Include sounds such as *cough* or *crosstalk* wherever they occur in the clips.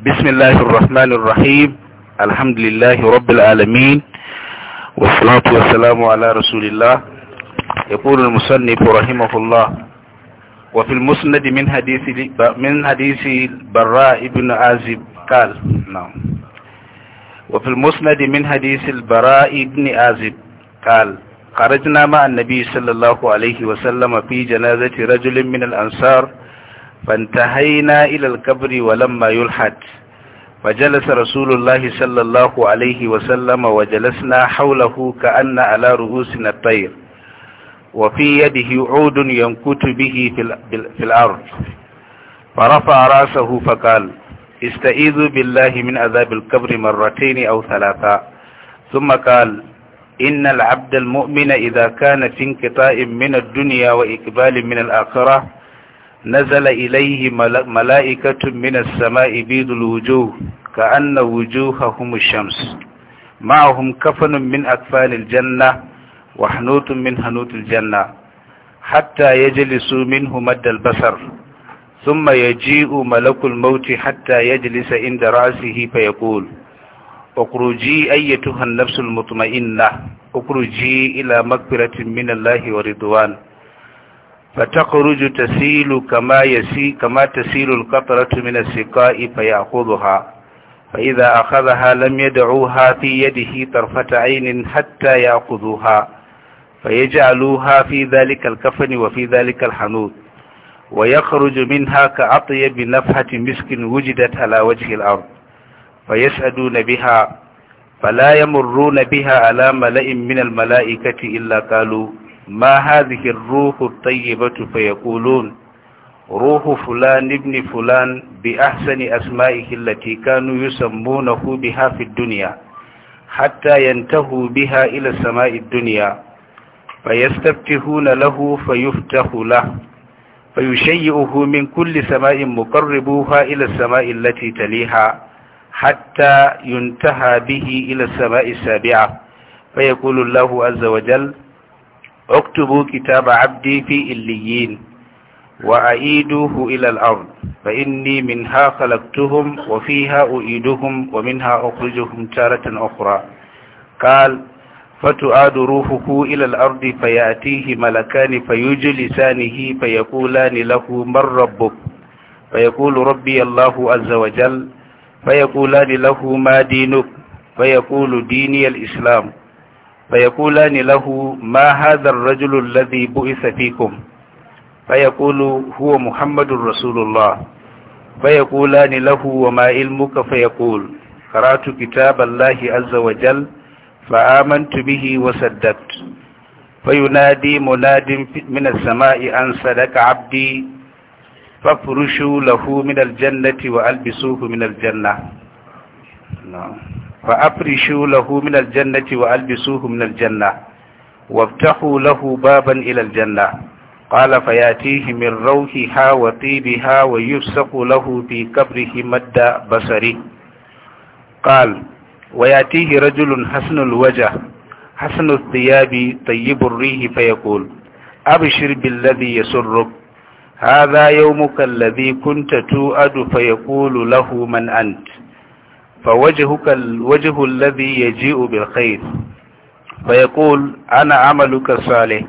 بسم الله الرحمن الرحيم الحمد لله رب العالمين والصلاة والسلام على رسول الله يقول المصنف رحمه الله وفي المسند من حديث من حديث البراء بن عازب قال نعم وفي المسند من حديث البراء بن عازب قال خرجنا مع النبي صلى الله عليه وسلم في جنازة رجل من الأنصار فانتهينا إلى الكبر ولما يلحد فجلس رسول الله صلى الله عليه وسلم وجلسنا حوله كأن على رؤوسنا الطير وفي يده عود ينكت به في الأرض فرفع رأسه فقال استعيذوا بالله من عذاب القبر مرتين أو ثلاثا ثم قال إن العبد المؤمن إذا كان في انقطاع من الدنيا وإقبال من الآخرة نزل إليه ملائكة من السماء بيض الوجوه كأن وجوههم الشمس معهم كفن من أكفان الجنة وحنوت من حنوت الجنة حتى يجلسوا منه مد البصر ثم يجيء ملك الموت حتى يجلس عند رأسه فيقول اخرجي أيتها النفس المطمئنة اخرجي إلى مغفرة من الله ورضوان فتخرج تسيل كما يسي كما تسيل القطرة من السقاء فيأخذها فإذا أخذها لم يدعوها في يده طرفة عين حتى يأخذوها فيجعلوها في ذلك الكفن وفي ذلك الحنوط ويخرج منها كأطيب نفحة مسك وجدت على وجه الأرض فيسعدون بها فلا يمرون بها على ملئ من الملائكة إلا قالوا ما هذه الروح الطيبة فيقولون روح فلان ابن فلان بأحسن أسمائه التي كانوا يسمونه بها في الدنيا حتى ينتهوا بها إلى السماء الدنيا فيستفتحون له فيفتح له فيشيئه من كل سماء مقربوها إلى السماء التي تليها حتى ينتهى به إلى السماء السابعة فيقول الله عز وجل اكتبوا كتاب عبدي في إليين وأعيدوه إلى الأرض فإني منها خلقتهم وفيها أعيدهم ومنها أخرجهم تارة أخرى قال فتؤاد روحه إلى الأرض فيأتيه ملكان فيجلسانه فيقولان له من ربك فيقول ربي الله عز وجل فيقولان له ما دينك فيقول ديني الإسلام فيقولان له ما هذا الرجل الذي بئس فيكم فيقول هو محمد رسول الله فيقولان له وما علمك فيقول قرأت كتاب الله عز وجل فآمنت به وصدقت فينادي مناد من السماء أن صدق عبدي فافرشوا له من الجنة وألبسوه من الجنة نعم فأفرشوا له من الجنة وألبسوه من الجنة وافتحوا له بابا إلى الجنة قال فيأتيه من روحها وطيبها ويفسق له في قبره مد بصره قال ويأتيه رجل حسن الوجه حسن الثياب طيب الريح فيقول أبشر بالذي يسرك هذا يومك الذي كنت توأد فيقول له من أنت فوجهك الوجه الذي يجيء بالخير فيقول أنا عملك صالح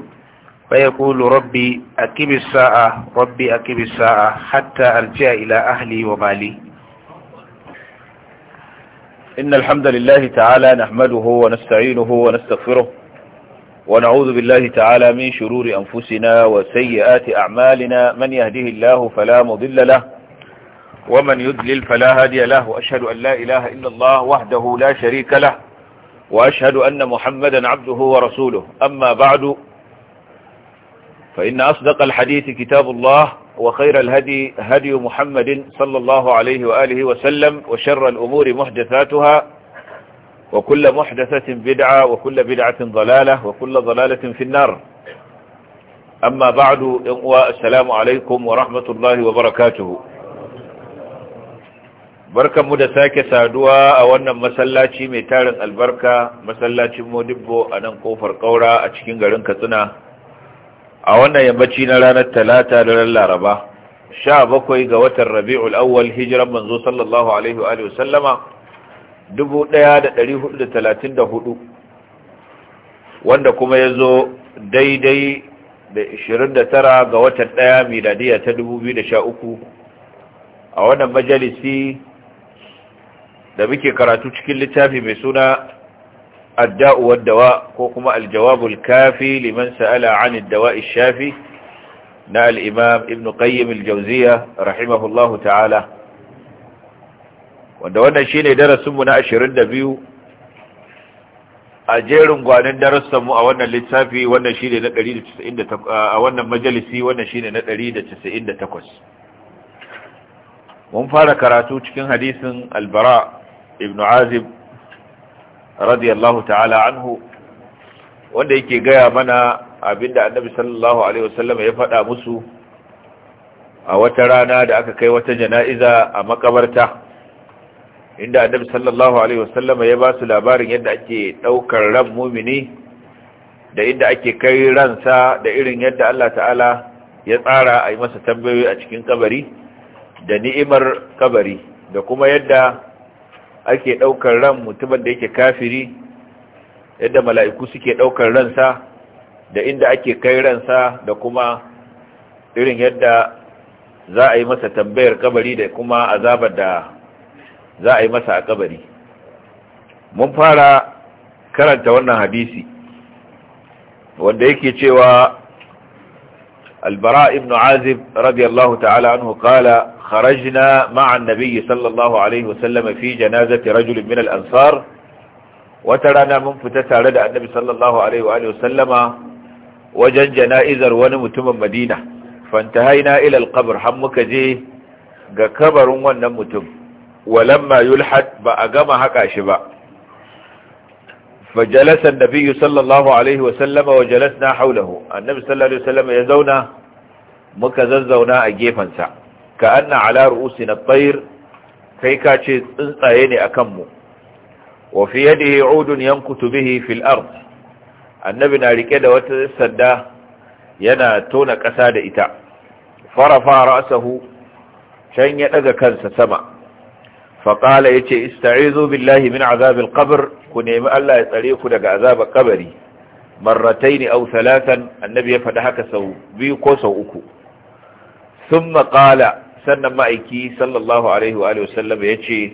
فيقول ربي أكب الساعة ربي أكب الساعة حتى أرجع إلى أهلي ومالي إن الحمد لله تعالى نحمده ونستعينه ونستغفره ونعوذ بالله تعالى من شرور أنفسنا وسيئات أعمالنا من يهده الله فلا مضل له ومن يدلل فلا هادي له وأشهد أن لا إله إلا الله وحده لا شريك له وأشهد أن محمدا عبده ورسوله أما بعد فإن أصدق الحديث كتاب الله وخير الهدي هدي محمد صلى الله عليه وآله وسلم وشر الأمور محدثاتها وكل محدثة بدعة وكل بدعة ضلالة وكل ضلالة في النار أما بعد السلام عليكم ورحمة الله وبركاته barkanmu da sake saduwa a wannan masallaci mai tarin albarka masallacin modibbo a nan kofar kaura a cikin garin katsina a wannan yammaci na ranar talata da ran laraba sha bakwai ga watan rabi'ul awwal hijiran manzo sallallahu alaihi wa sallama dubu ɗaya da ɗari hudu da talatin da hudu wanda kuma ya zo daidai da ishirin da tara ga watan ɗaya miladiya ta dubu biyu da sha uku a wannan majalisi da muke karatu cikin littafi mai suna adda'u waddawa ko kuma aljawabul kafi liman sa'ala an addawa'i shafi na al ibn qayyim al-jawziya rahimahullahu ta'ala wanda wannan shine darasin mu na 22 a jerin gwanin darasin mu a wannan littafi wannan shine na 198 a wannan majalisi wannan shine na 198 mun fara karatu cikin hadisin albara ibn azib radiyallahu ta'ala anhu wanda yake gaya mana abinda annabi sallallahu alaihi wasallam ya faɗa musu a wata rana da aka kai wata jana'iza a makabarta inda annabi sallallahu alaihi wasallam ya ba su labarin yadda ake ɗaukar ran mumini da inda ake kai ransa da irin yadda Allah ta'ala ya tsara a yi masa tambayoyi a cikin kabari da ni'imar kabari da kuma yadda ake ɗaukar ran mutumin da yake kafiri yadda mala'iku suke ɗaukar ransa da inda ake kai ransa da kuma irin yadda za a yi masa tambayar kabari da kuma azabar da za a yi masa a kabari mun fara karanta wannan hadisi wanda yake cewa البراء بن عازب رضي الله تعالى عنه قال خرجنا مع النبي صلى الله عليه وسلم في جنازة رجل من الأنصار وترانا من فتتا لدى النبي صلى الله عليه وآله وسلم وجن جنائزا ونمتم مدينة فانتهينا إلى القبر حمك جي كبر ونمتم ولما يلحد بأقام هكا شبا فجلس النبي صلى الله عليه وسلم وجلسنا حوله النبي صلى الله عليه وسلم يزونا مكززونا أجيفنسا كأن على رؤوسنا الطير كيكاتشي انطيني أكم وفي يده عود ينكت به في الأرض النبي ناركد وتسدى ينا تونك أساد إتاء فرفع رأسه شن يلقى كنس سمأ faƙala ya ce ista'izu billahi min azabin qabr ku nemi Allah ya tsare ku daga azabar kabari marrataini au salatan annabi ya faɗi haka sau biyu ko sau uku Sun maƙala sannan ma'aiki sallallahu alaihi wa alihi wasallam yace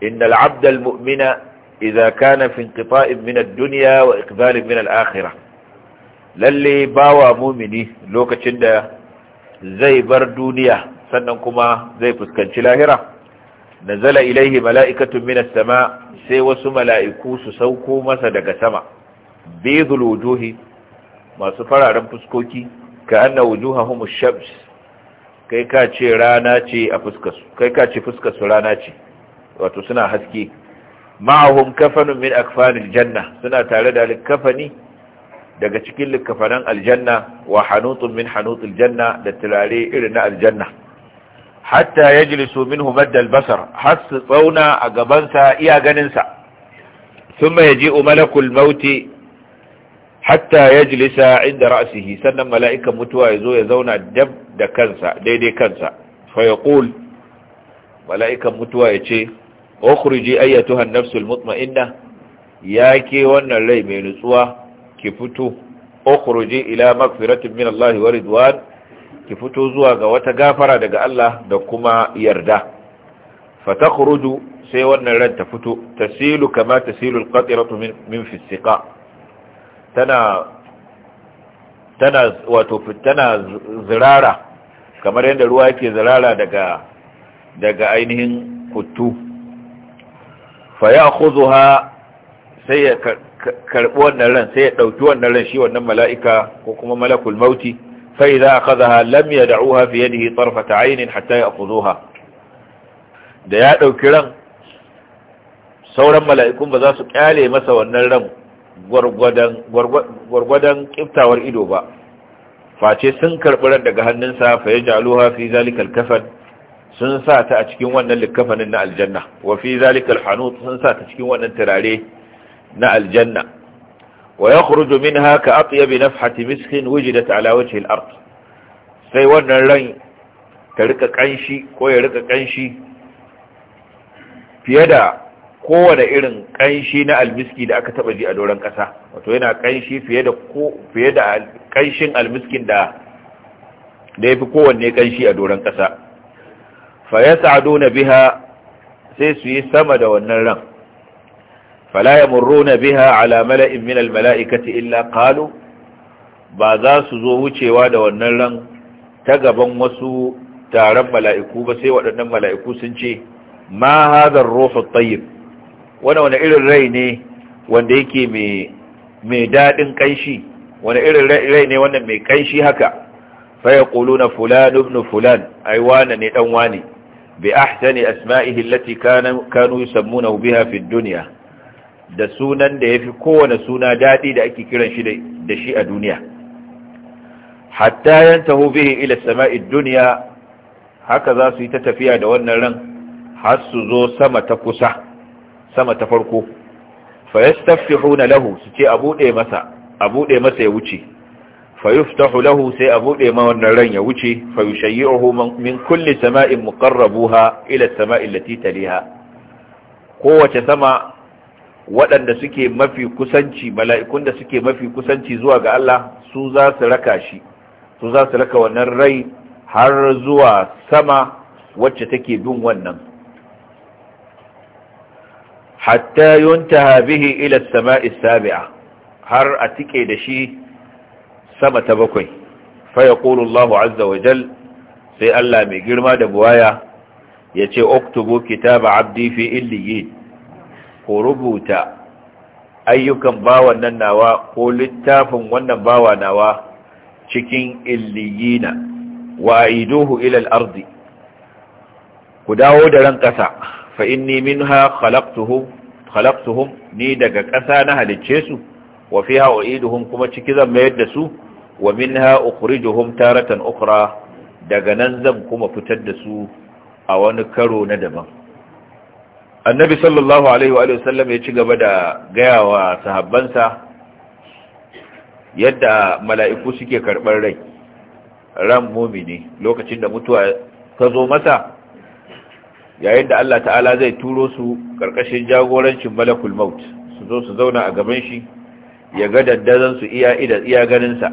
inda abda almu'mina idza kana fi inqita'in min ad-dunya wa iqbalin min al-akhirah lalle bawa mu'mini lokacin da zai bar duniya sannan kuma zai fuskanci lahira nazala ilaihi mala'ikatun minas sama sai wasu mala'iku su sauko masa daga sama bezul wujuhi masu fararen fuskoki ka anna wujuhahum shams kai ka ce rana ce a kai ka ce fuskarsu rana ce wato suna haske ma'ahum kafanun min akfanil janna suna tare da likafani daga cikin likafanan aljanna wa hanutun min hanutul janna da turare irin na aljanna hatta yajlisu minhu maddal basar har su tsauna a gabansa iya ganinsa thumma yaji'u malakul mauti hatta jilisa inda ra'sihi sannan mala'ikan mutuwa yazo ya zauna dab da kansa daidai kansa fa yaqul mala'ikan mutuwa yace ukhriji ayyatuha an-nafsul mutma'inna yake wannan rai mai nutsuwa ki fito ukhruji ila magfiratun min Allah wa ridwan ki fito zuwa ga wata gafara daga Allah da kuma yarda fatakhruju sai wannan ran ta fito tasilu kama tasilu alqatiratu min min fisiqa tana tana wato fitana zirara kamar yadda ruwa yake zirara daga daga ainihin kuttu fa ya'khudha sai ya karbi wannan ran sai ya dauki wannan ran shi wannan mala'ika ko kuma malakul mauti فإذا أخذها لم يدعوها في يده طرفة عين حتى يأخذوها da ya ɗauki ran sauran mala'ikun ba za su ƙyale masa wannan ran gwargwadon ƙiftawar ido ba face sun karɓi ran daga hannunsa fa ya jaluha fi zalikal kafan sun sa ta a cikin wannan likafanin na aljanna wa fi zalikal hannu sun sa ta cikin wannan turare na aljanna ويخرج منها كأطيب نفحة مسك وجدت على وجه الأرض sai wannan ran ta rika kanshi ko ya rika kanshi fiye da kowane irin kanshi na almiski da aka taba ji a doron kasa wato yana kanshi fiye da ko fiye da da da yafi kowanne kanshi a doron kasa fa yas'aduna biha sai su yi sama da wannan ran fala yamurruna biha ala mala'in min almala'ikati illa qalu ba za su zo wucewa da wannan ran ta gaban wasu taron mala'iku ba sai waɗannan mala'iku sun ce ma hadha wani wani irin rai ne wanda yake mai daɗin ƙanshi wani irin rai ne wannan mai ƙanshi haka faya ƙulu na fulan ibn fulan ai wane ne ɗan wane bi ahsani asma'ihi allati kanu yusammuna biha fi dunya da sunan da ya fi kowane suna daɗi da ake kiran shi da shi a duniya hatta yan taho bihi ila duniya haka za su yi ta tafiya da wannan ran har su zo sama ta kusa sama ta farko fayastaftihuna lahu su ce a buɗe masa a buɗe masa ya wuce fayuftahu lahu sai a buɗe ma wannan ran ya wuce fayushayyi'uhu min kulli sama'in muqarrabuha ila sama'in lati taliha kowace sama waɗanda suke mafi kusanci mala'ikun da suke mafi kusanci zuwa ga Allah su za su raka shi su za su raka wannan rai har zuwa sama wacce take bin wannan hatta yuntaha bihi ila as-sama'i as-sabi'a har a tike da shi sama ta bakwai fa yaqulu Allahu azza wa jal sai Allah mai girma da buwaya yace uktubu kitaba abdi fi illiyin ko rubuta ayyukan bawan nan nawa ko littafin wannan bawa nawa cikin illiyina wa aiduhu ila al-ardi ku dawo da ran ƙasa fa inni minha khalaqtuhum khalaqtuhum ni daga ƙasa na halicce su wa fiha uiduhum kuma ciki zan mayar da su wa minha ukhrijuhum taratan ukhra daga nan zan kuma fitar da su a wani karo na daban annabi sallallahu alaihi wa sallam ya ci gaba da gaya wa sahabbansa yadda mala'iku suke karɓar rai ran mumini lokacin da mutuwa ta zo masa yayin da Allah ta'ala zai turo su ƙarƙashin jagorancin malakul maut su zo su zauna a gaban shi ya ga daddazan su iya iya ganinsa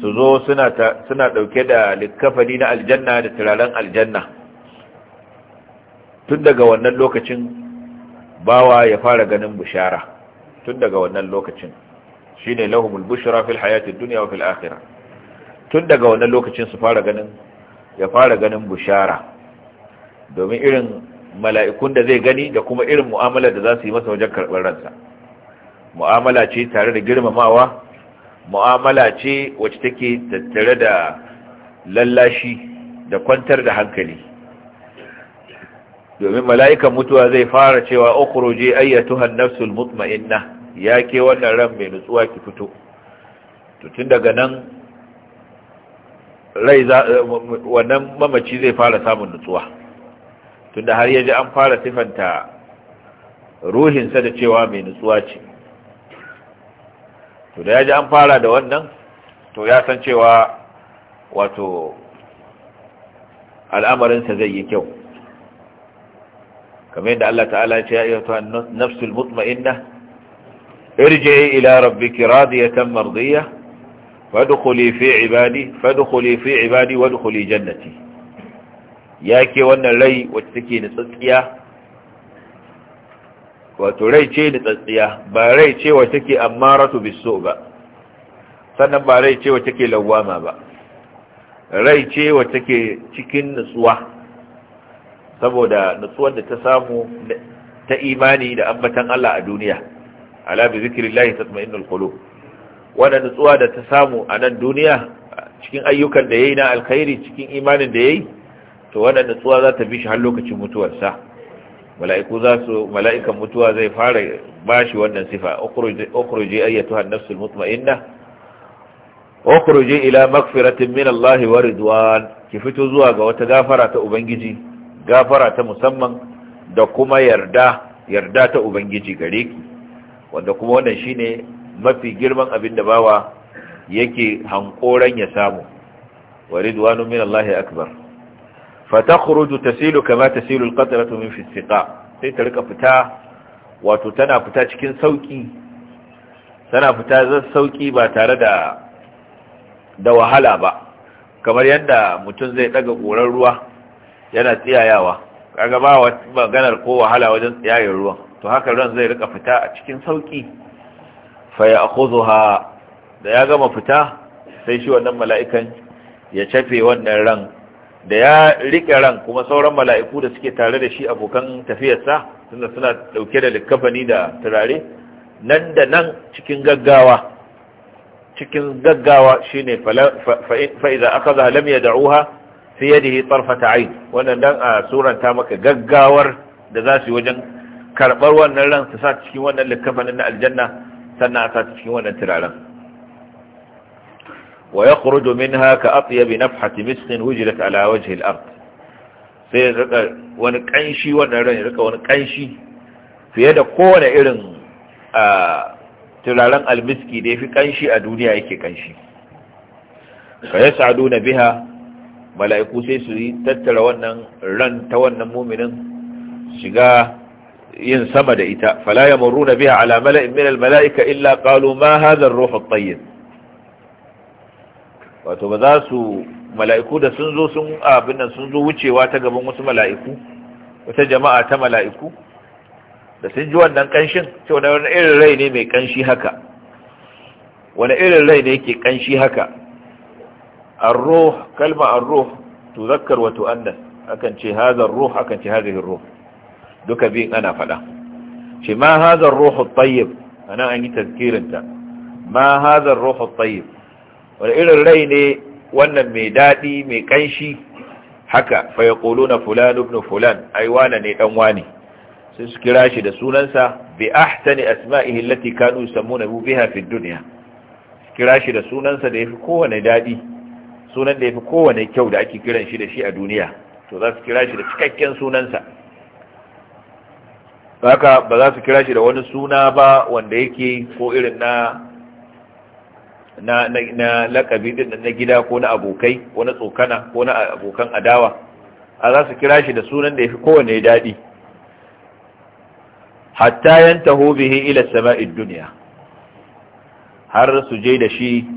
su zo suna ɗauke da likkafani na aljanna da turaren aljanna tun daga wannan lokacin bawa ya fara ganin bushara tun daga wannan lokacin Shi ne lahumul bushara fil hayati dunya wa fil akhirah tun daga wannan lokacin su fara ganin ya fara ganin bushara domin irin mala'ikun da zai gani da kuma irin mu'amala da za su yi masa wajen karɓar ransa mu'amala ce tare da girmamawa mu'amala ce wacce take tattare da lallashi da kwantar da hankali domin mala'ikan mutuwa zai fara cewa ukhruje ayyatuhan nafsul mutma'inna ya ke wannan ran mai nutsuwa ki fito to tun daga nan rai wannan mamaci zai fara samun nutsuwa Tun da har yaji an fara sifanta ruhinsa da cewa mai nutsuwa ce to da yaji an fara da wannan to ya san cewa wato al'amarinsa zai yi kyau kamar yadda Allah ta'ala ya ce ya ayyuha an-nafsul mutma'inna irji'i ila rabbiki radiyatan mardiyah fadkhuli fi ibadi fadkhuli fi ibadi wadkhuli jannati yake wannan rai wacce take da tsatsiya wato rai ce da tsatsiya ba rai ce wacce take ammaratu bisu ba sannan ba rai ce wacce take lawwama ba rai ce wacce take cikin nutsuwa saboda nutsuwar da ta samu ta imani da ambatan Allah a duniya ala bi zikrillahi tatma'innul qulub wannan nutsuwa da ta samu a nan duniya cikin ayyukan da yayi na alkhairi cikin imanin da yayi to wannan nutsuwa za ta bi shi har lokacin mutuwarsa mala'iku za su mala'ikan mutuwa zai fara bashi wannan sifa ukhruji ayyatuha an-nafsul mutma'inna ukhruji ila maghfiratin min Allah wa ridwan ki fito zuwa ga wata gafara ta ubangiji gafara ta musamman da kuma yarda yarda ta ubangiji gare ki wanda kuma wannan shine mafi girman abin da bawa yake hankoran ya samu wa ridwanu min Allah akbar fa takhruju tasilu kama tasilu alqatratu min fi istiqa sai ta rika fita wato tana fita cikin sauki tana fita zan sauki ba tare da da wahala ba kamar yadda mutum zai daga koran ruwa yana tsiyayawa kaga ba maganar ko wahala wajen tsiyayen ruwa to haka ran zai rika fita a cikin sauki fa ya'khudha da ya gama fita sai shi wannan mala'ikan ya cafe wannan ran da ya rike ran kuma sauran mala'iku da suke tare da shi abokan tafiyarsa tunda suna dauke da likafani da turare nan da nan cikin gaggawa cikin gaggawa shine fa iza akhadha lam yad'uha fi yadihi tarfata ayn wannan dan a suranta maka gaggawar da za su yi wajen karɓar wannan ran su sa cikin wannan likafanin na aljanna sannan a sa cikin wannan turaren wa ya domin haka a ka na nafhati miskin wujidat ala wajhi al-ard sai ya rika wani ƙanshi wannan ran ya rika wani ƙanshi fiye da kowane irin turaren almiski da ya fi ƙanshi a duniya yake kanshi fa yas'aduna biha mala'iku sai su yi tattara wannan ran ta wannan muminin shiga yin sama da ita fala yamuruna biha ala mala'in min al mala'ika illa qalu ma hadha ar-ruh wato ba za su mala'iku da sun zo sun abin nan sun zo wucewa ta gaban wasu mala'iku wata jama'a ta mala'iku da sun ji wannan kanshin cewa wani irin rai ne mai kanshi haka wani irin rai ne yake kanshi haka ar-ruh kalma ar-ruh wa tu'annas duka biyun ana faɗa. shi ma hadha ar-ruh at-tayyib ana an yi tazkirinta ma hadha ar-ruh irin rai ne wannan mai daɗi mai kanshi haka fa yaquluna fulan ibn fulan ai ne dan wane sai su kira shi da sunansa bi ahsani asma'ihi allati kanu yusammuna biha fi ad-dunya kira shi da sunansa da yafi kowane daɗi. sunan da ya fi kowane kyau da ake kiran shi da shi a duniya to za su kira shi da cikakken sunansa haka ba za su kira shi da wani suna ba wanda yake ko irin na na lakabi din na gida ko na abokai ko na tsokana ko na abokan adawa a za su kira shi da sunan da ya fi kowane daɗi hatta yantahu bihi ila sama'id duniya. har su je da shi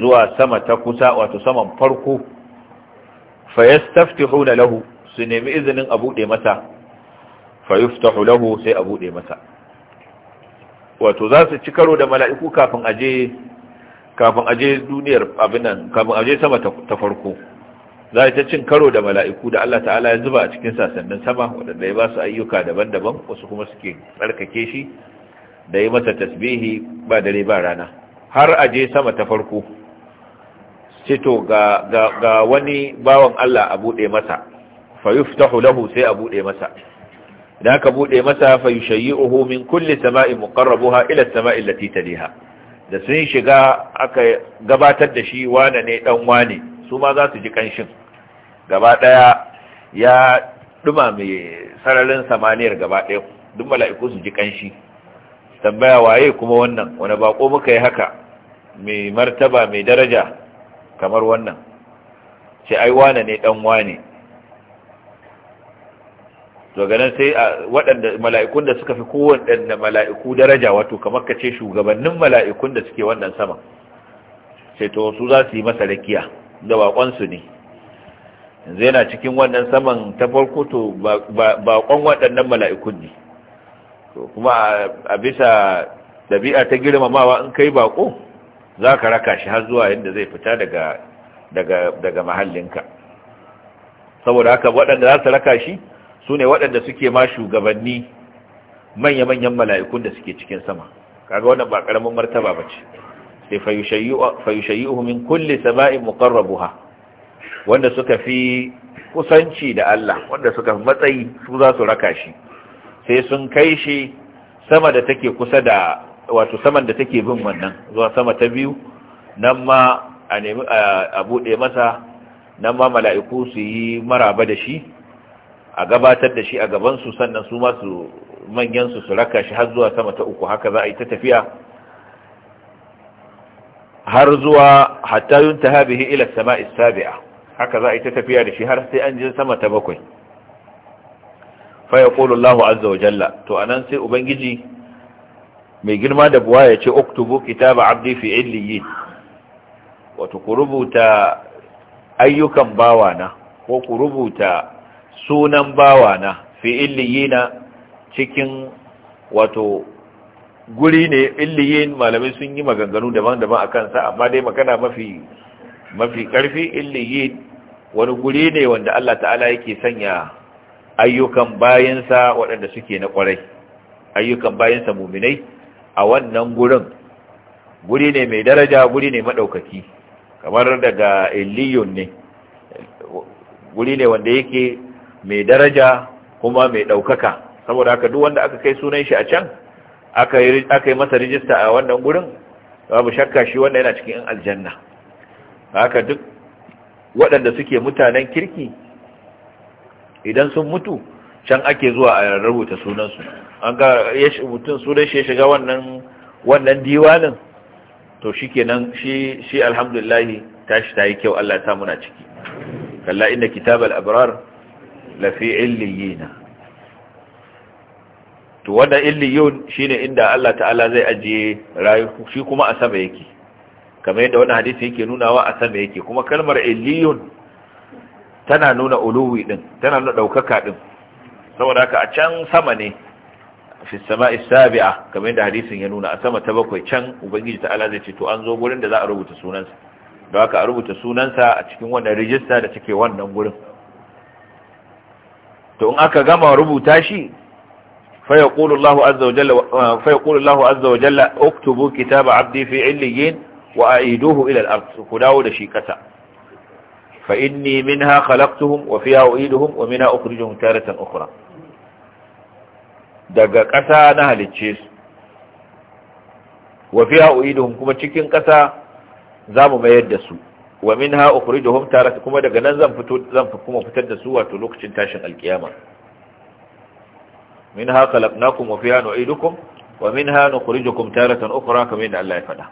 zuwa sama ta kusa wato saman farko fa yastaftihuna lahu su nemi izinin a buɗe masa fa yuftahu lahu sai a buɗe masa wato za su ci karo da mala'iku kafin aje kafin aje duniyar abinan kafin aje sama ta farko za ta cin karo da mala'iku da Allah ta'ala ya zuba a cikin sasannin sama waɗanda ya ba su ayyuka daban-daban wasu kuma suke tsarkake shi da yi masa tasbihi ba dare ba rana har a je sama ta farko sai to ga wani bawan Allah a bude masa fa lahu sai a bude masa da ka bude masa fa yushayyi'uhu min kulli sama'i muqarrabuha ila samai allati taliha da sun shiga aka gabatar da shi wane ne dan wane su ma za su ji kanshin gaba daya ya duma mai sararin samaniyar gaba daya duk mala'iku su ji kanshi tambaya waye kuma wannan wani bako muka yi haka mai martaba mai daraja kamar wannan ce ai wane ne dan wane to ganin sai waɗanda mala'ikun da suka fi kowanne mala'iku daraja wato kamar ka ce shugabannin mala'ikun da suke wannan sama sai to su za su yi masa rakiya da baƙonsu ne yanzu yana cikin wannan saman ta farko to baƙon waɗannan mala'ikun ne kuma a bisa ɗabi'a ta girmamawa in kai baƙo za ka raka shi har zuwa yadda zai fita daga ka. mahallinka saboda haka waɗanda za su raka shi su ne waɗanda suke ma shugabanni manya-manyan mala'ikun da suke cikin sama kaga wannan ba ƙaramin martaba ba ce sai fayushayi min kulle sama'in ha. wanda suka fi kusanci da Allah wanda suka fi matsayi su za su raka shi sai sun kai shi sama da take kusa da wato saman da take bin wannan zuwa sama ta biyu nan ma a nemi a buɗe masa nan ma mala'iku su yi maraba da shi a gabatar da shi a su sannan su masu manyansu su raka shi har zuwa sama ta uku haka za a yi ta tafiya har zuwa hatta yun ta habihi ila sama'is sabi'a haka za a yi ta tafiya da shi har sai an je sama ta bakwai fa yaqulu Allahu azza wa jalla to anan sai ubangiji mai girma da buwa ya ce oktubu kitaba abdi fi illiyin wato ku rubuta ayyukan bawana ko ku rubuta sunan bawana fi illiyina cikin wato guri ne illiyin malamai sun yi maganganu daban-daban a kansa amma dai magana mafi mafi karfi illiyin wani guri ne wanda Allah ta'ala yake sanya ayyukan bayansa waɗanda suke na ƙwarai ayyukan bayansa muminai a wannan gurin guri ne mai daraja guri ne maɗaukaki kamar daga illiyun ne guri ne wanda yake mai daraja kuma mai ɗaukaka saboda haka duk wanda aka kai sunan shi a can aka yi masa rijista a wannan gurin babu shakka shi wanda yana cikin aljanna haka duk waɗanda suke mutanen kirki idan sun mutu can ake zuwa a rubuta sunansu an ga mutum sunan shi ya shiga wannan wannan diwanin to shi kenan shi shi alhamdulillahi tashi ta yi kyau Allah ta muna ciki kalla inda al abrar lafi illiyina to wannan illiyun shine inda Allah ta'ala zai ajiye rayu shi kuma a sama yake kamar yadda wannan hadisi yake nunawa a sama yake kuma kalmar illiyun tana nuna uluwi din tana nuna daukaka din saboda haka a can sama ne fi sama'i sabi'a kamar yadda hadisin ya nuna a sama ta bakwai can ubangiji ta'ala zai ce to an zo gurin da za a rubuta sunansa da haka a rubuta sunansa a cikin wannan rijista da take wannan gurin to in aka gama rubuta shi fa yaqulu Allahu azza wa jalla fa yaqulu kitaba 'abdi fi 'illiyin wa a'iduhu ila al-ard ku dawo da shi kasa fa inni minha khalaqtuhum wa fiha u'iduhum wa minha ukhrijuhum taratan ukhra daga ƙasa na halicce su wa fiha kuma cikin ƙasa zamu mayar da su wa minha ukhrijuhum tarata kuma daga nan zan fito zan kuma fitar da su wato lokacin tashin alkiyama minha khalaqnakum wa fiha nu'idukum wa minha nukhrijukum taratan ukhra kamar yadda Allah ya faɗa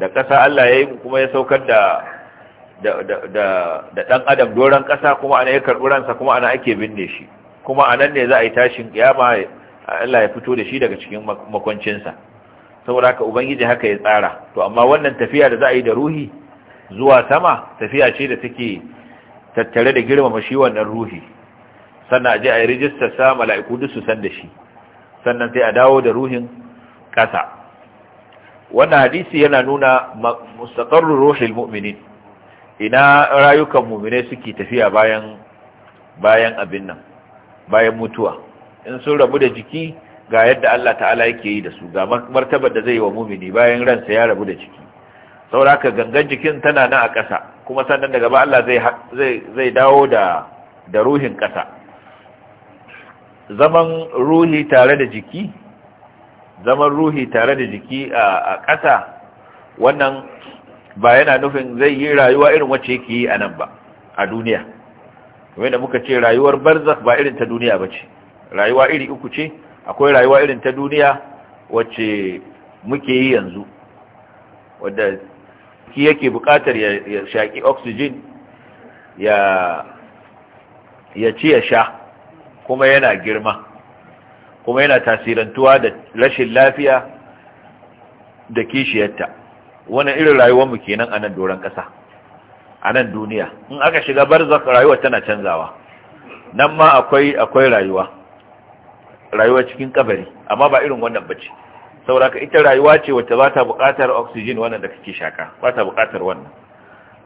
da ƙasa Allah ya yi kuma ya saukar da da ɗan adam Doran ƙasa kuma ana ya karɓi ransa kuma ana ake binne shi kuma anan ne za a yi tashin ƙiyama Allah ya fito da shi daga cikin makwancinsa saboda haka ubangiji haka ya tsara to amma wannan tafiya da za a yi da ruhi zuwa sama tafiya ce da take tattare da girmama shi wannan ruhi sannan a je a yi rijistar sa mala'iku duk su san da shi sannan sai a dawo da ruhin ƙasa wannan hadisi yana nuna mustaqarrur ruhil mu'minin ina rayukan mu'mine suke tafiya bayan bayan abin nan bayan mutuwa in sun rabu da jiki ga yadda Allah ta'ala yake yi da su ga martabar da zai yi wa mumini bayan ransa ya rabu da jiki sauraka gangan jikin tana nan a ƙasa kuma sannan daga ba Allah zai dawo da da ruhin ƙasa zaman ruhi tare da jiki zaman ruhi tare da jiki a ƙasa wannan ba yana nufin zai yi rayuwa irin wacce yake yi a nan ba a duniya wanda muka ce rayuwar barzakh ba irin ta duniya ba ce rayuwa iri uku ce akwai rayuwa irin ta duniya wacce muke yi yanzu wadda ki yake bukatar ya shaƙi oxygen ya ya ci ya sha kuma yana girma kuma yana tasirantuwa da rashin lafiya da kishiyarta wani irin rayuwar mu kenan a nan doron ƙasa a nan duniya in aka shiga barzak rayuwa tana canzawa nan ma akwai akwai rayuwa rayuwa cikin kabari amma ba irin wannan bace saboda ka ita rayuwa ce wacce ba ta buƙatar oxygen wannan da kake shaka ba ta buƙatar wannan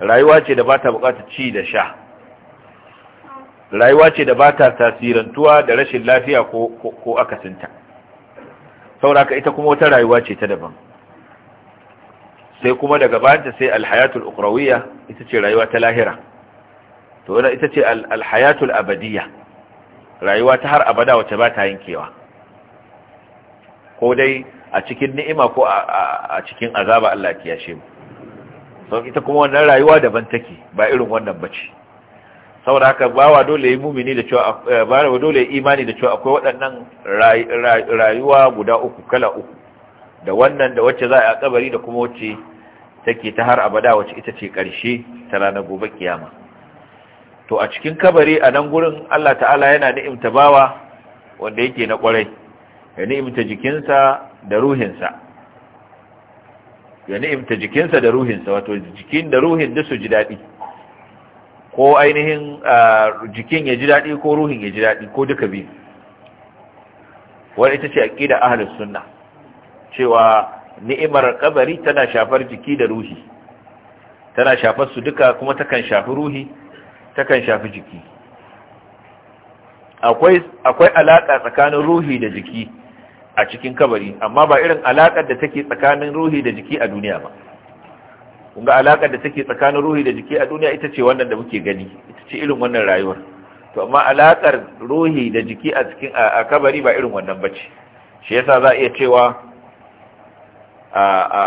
rayuwa ce da ba ta buƙatar ci da sha rayuwa ce da ba ta tasirantuwa da rashin lafiya ko ko akasinta saboda ka ita kuma wata rayuwa ce ta daban sai kuma daga bayanta sai alhayatul ukrawiyya ita ce rayuwa ta lahira to wannan ita ce alhayatul abadiyya rayuwa ta har abada wacce ba ta yankewa ko dai a cikin ni'ima ko a cikin azaba Allah ya kiyashe mu sau ita kuma wannan rayuwa daban take ba irin wannan bace saboda haka bawa dole yi mumini da cewa eh, dole imani da cewa akwai waɗannan rayuwa guda uku kala uku da wannan da wacce za a kabari da kuma wacce take ta har abada wacce ita ce ƙarshe ta ranar gobe kiyama to a cikin kabari a nan gurin Allah ta'ala yana ni'imta bawa wanda yake na kwarai ya ni'imta jikinsa da ruhinsa ya ni'imta jikinsa da ruhinsa wato jikin da ruhin da su ji daɗi ko ainihin jikin ya ji daɗi ko ruhin ya ji daɗi ko duka biyu wani ita ce aƙida ahalus sunna cewa ni'imar kabari tana shafar jiki da ruhi tana shafar su duka kuma takan shafi ruhi takan shafi jiki akwai alaƙa tsakanin ruhi da jiki a cikin kabari amma ba irin alaƙar da take tsakanin ruhi da jiki a duniya ba kun ga alakar da take tsakanin ruhi da jiki a duniya ita ce wannan da muke gani ita ce irin wannan rayuwar to amma alaƙar ruhi da jiki a cikin a kabari ba irin wannan bace shi yasa za a iya cewa a a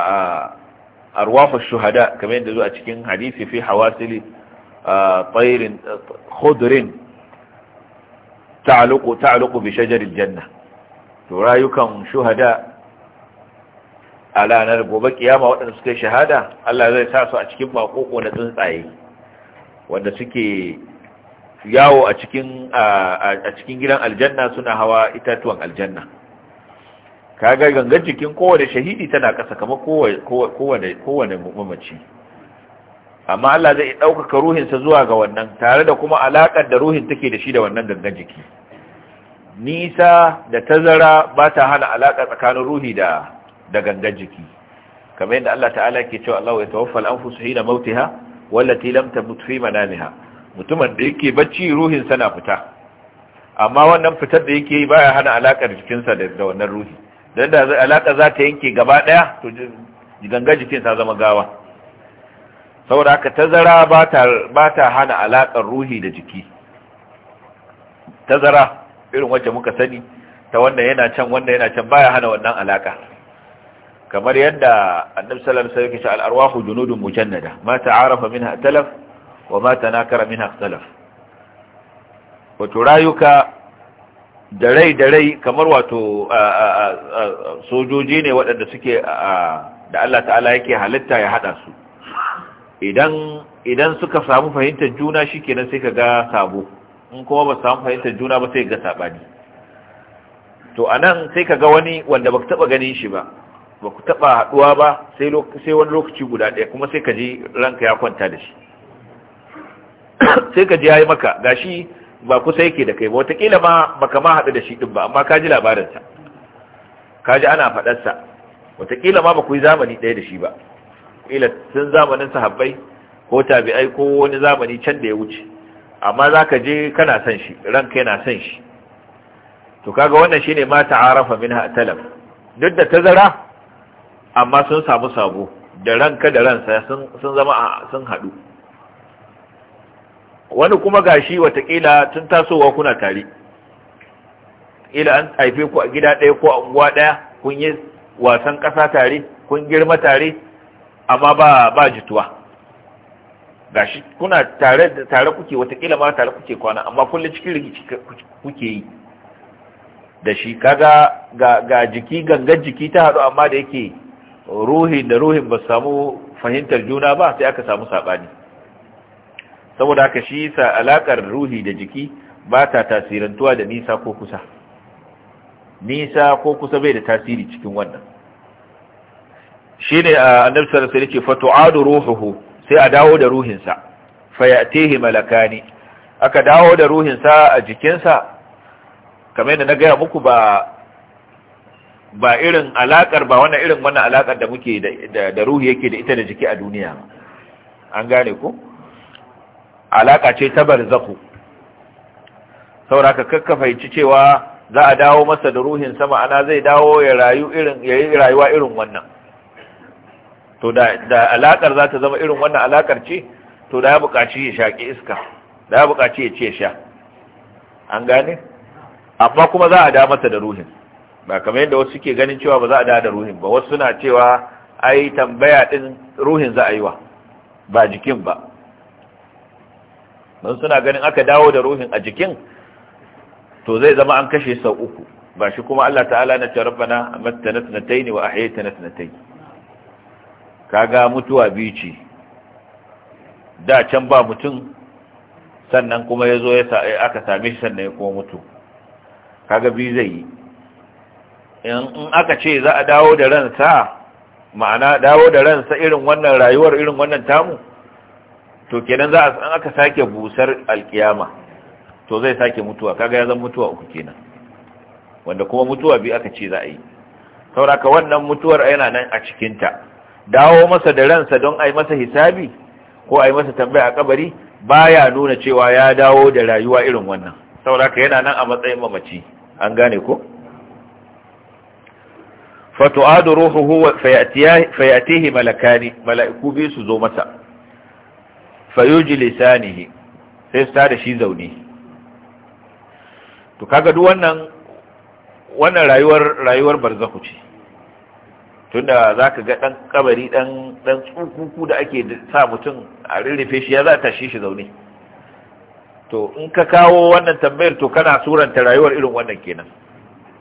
a arwafu shuhada kamar yadda zo a cikin hadisi fi hawasili طير خضر تعلق تعلق بشجر الجنة shuhada. شهداء على نار gobe kiyama waɗanda suka yi shahada Allah zai sa su a cikin bakoko na tsuntsaye wanda suke yawo a cikin a cikin gidan aljanna suna hawa itatuwan aljanna kaga gangan jikin kowane shahidi tana ƙasa kamar kowa kowane mamaci amma Allah zai ɗaukaka ruhinsa zuwa ga wannan tare da kuma alaƙar da ruhin take da shi da wannan gangan jiki nisa da tazara ba ta hana alaƙa tsakanin ruhi da da gangan jiki kamar yadda Allah ta'ala ke cewa Allah ya tawaffa al-anfusu hina mautiha wallati lam tamut fi manamiha mutumin da yake bacci ruhin sa na fita amma wannan fitar da yake yi baya hana alaƙar jikinsa da da wannan ruhi dan da alaƙa za ta yanke gaba daya to gangan jikin sa zama gawa saboda haka tazara ba ta hana alaƙar ruhi da jiki tazara irin wacce muka sani ta wanda yana can wanda yana can baya hana wannan alaƙa kamar yadda annabi sallallahu alaihi wasallam yake cewa al-arwahu junudun mujannada ma ta'arafa minha talaf wa ma tanakara minha talaf wato rayuka da rai da rai kamar wato sojoji ne waɗanda suke da Allah ta'ala yake halitta ya hada su idan idan suka samu fahimtar juna shikenan sai ka ga sabo in kuma ba samu fahimtar juna ba sai ga sabani to anan sai ka ga wani wanda baka taba ganin shi ba baku taba haduwa ba sai sai wani lokaci guda ɗaya kuma sai ka ji ranka ya kwanta da shi *coughs* sai ka ji yayi maka gashi ba kusa yake da kai ba watakila ma baka ma haɗu da shi ɗin ba amma ka ji labarinsa ka ji ana faɗarsa watakila ma ba ku yi zamani ɗaya da shi ba kila tun zamanin sahabbai ko tabi'ai ko wani zamani can da ya wuce amma zaka je kana son shi ranka yana son shi to kaga wannan shine ma ta'arafa minha talaf duk da tazara amma sun samu sabo da ranka da ransa sun sun zama sun hadu wani kuma gashi watakila tun tasowa kuna tare ila an haife ku a gida ɗaya ko a unguwa ɗaya kun yi wasan ƙasa tare kun girma tare amma ba ba jituwa shi kuna tare da tare kuke watakila ma tare kuke kwana amma kullum cikin rigici kuke yi da shi kaga ga ga jiki gangan jiki ta hadu amma da yake ruhi da ruhin ba samu fahimtar juna ba sai aka samu sabani saboda haka shi sa alakar ruhi da jiki ba ta tasirantuwa da nisa ko kusa nisa ko kusa bai da tasiri cikin wannan Shi ne a annabtar sai ce fa tu'adu ruhuhu sai a dawo da ruhinsa fa ya'tihi malakani aka dawo da ruhinsa a jikinsa kamar yadda na gaya muku ba ba irin alakar ba wannan irin wannan alakar da muke da da ruhi yake da ita da jiki a duniya an gane ku alaka ce ta barzaku sauraka fahimci cewa za a dawo masa da ruhin sama ana zai dawo ya rayu irin yayi rayuwa irin wannan to da da alakar za ta zama irin wannan alakar ce to da ya buƙaci ya shaƙi iska da ya buƙaci ya ce sha an gane amma kuma za a da masa da ruhin ba kamar yadda wasu suke ganin cewa ba za a da da ruhin ba wasu suna cewa ai tambaya din ruhin za a yi wa ba jikin ba don suna ganin aka dawo da ruhin a jikin to zai zama an kashe sau uku ba shi kuma Allah ta'ala na ce rabbana amattana sanatayn wa na sanatayn kaga mutuwa biyu ce da can ba mutum sannan kuma ya zo ya eh, aka same shi sannan ya kuma mutu kaga biyu zai yi in aka ce za a dawo da ransa ma'ana dawo da ransa irin wannan rayuwar irin wannan tamu to kenan za a aka sake busar alkiyama to zai sake mutuwa kaga ya zama mutuwa uku kenan wanda kuma mutuwa biyu aka ce za a yi sauraka wannan mutuwar yana nan a cikinta dawo masa da ransa don a yi masa hisabi ko a yi masa tambaya a kabari ya nuna cewa ya dawo da rayuwa irin wannan saboda ka yana nan a matsayin mamaci an gane ko fatu'adu ruhuhu fayatihi malakani mala'iku biyu su zo masa fayujlisanihi sai su tada shi zaune to kaga duk wannan wannan rayuwar rayuwar ce tunda za ka ga ɗan kabari ɗan tsukuku da ake sa mutum a rirrife shi ya za ta shi shi zaune to in ka kawo wannan tambayar to kana suranta rayuwar irin wannan kenan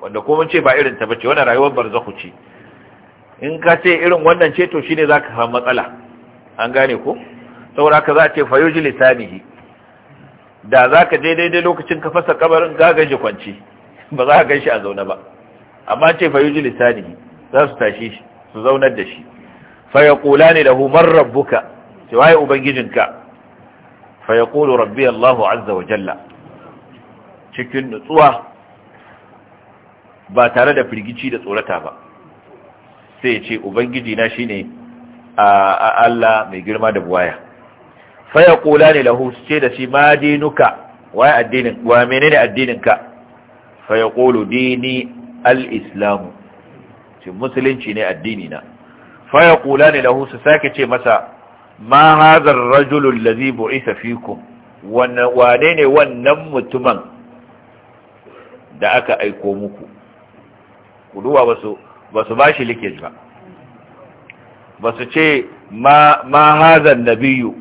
wanda kuma ce ba irin ta bace wannan rayuwar zaku ce in ka ce irin wannan ce to za ka samu matsala an gane ko saboda haka za a ce fayuji lisanihi da ka je daidai lokacin ka fasa kabarin gagaje kwanci ba za ka shi a zaune ba amma ce fayuji lisanihi za su tashi su zaunar da shi fa ne da man rabbuka ce waye ubangijinka fa yaqulu rabbi Allahu azza wa jalla cikin nutsuwa ba tare da firgici da tsorata ba sai ce ubangiji na shine a Allah mai girma da buwaya fa yaqulani lahu ce da shi ma dinuka waye addinin wa menene addininka fa dini al-islamu ce musulunci ne addini na fa ne lahu su sake ce masa ma rajulun ar-rajulu isa bu'itha fikum wane ne wannan mutumin da aka aiko muku kuduwa basu basu bashi likej ba basu ce ma hazar nabiyu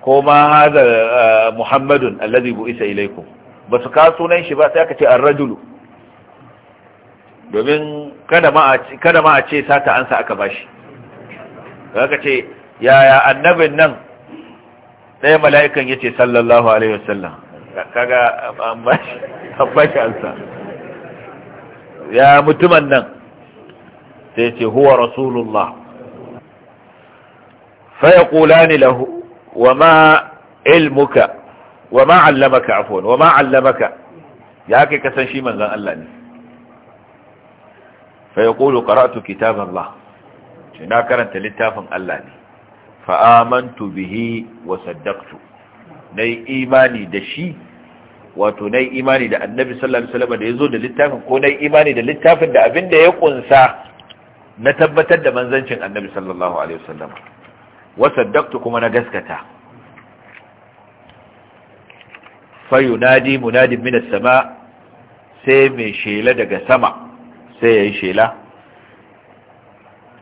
ko ma hazar eh, muhammadun allazi bu'itha ilaykum basu ka sunan shi ba sai aka ce an rajulu domin kada ma a ce sata ansa aka bashi ka ce yaya annabin nan ɗaya mala'ikan ya ce sallallahu alaihi wasallam kaga an bashi ansa ya mutumin nan sai ce huwa rasulullah faya ƙula ni lahu wa ma ilmuka wa ma allamaka afon wa ma allamaka ya kai kasan shi manzan Allah ne fa yaqulu qara'tu kitaballah shi na karanta littafin Allah ne fa amantu bihi wa saddaqtu nayi imani da shi wato nayi imani da Annabi sallallahu alaihi wasallam da yazo da littafin ko nayi imani da littafin da abinda ya kunsa na tabbatar da manzancin Annabi sallallahu alaihi wasallam wa saddaqtu kuma na gaskata fa yunadi munadin minas sama sai mai shela daga sama sai ya yi shela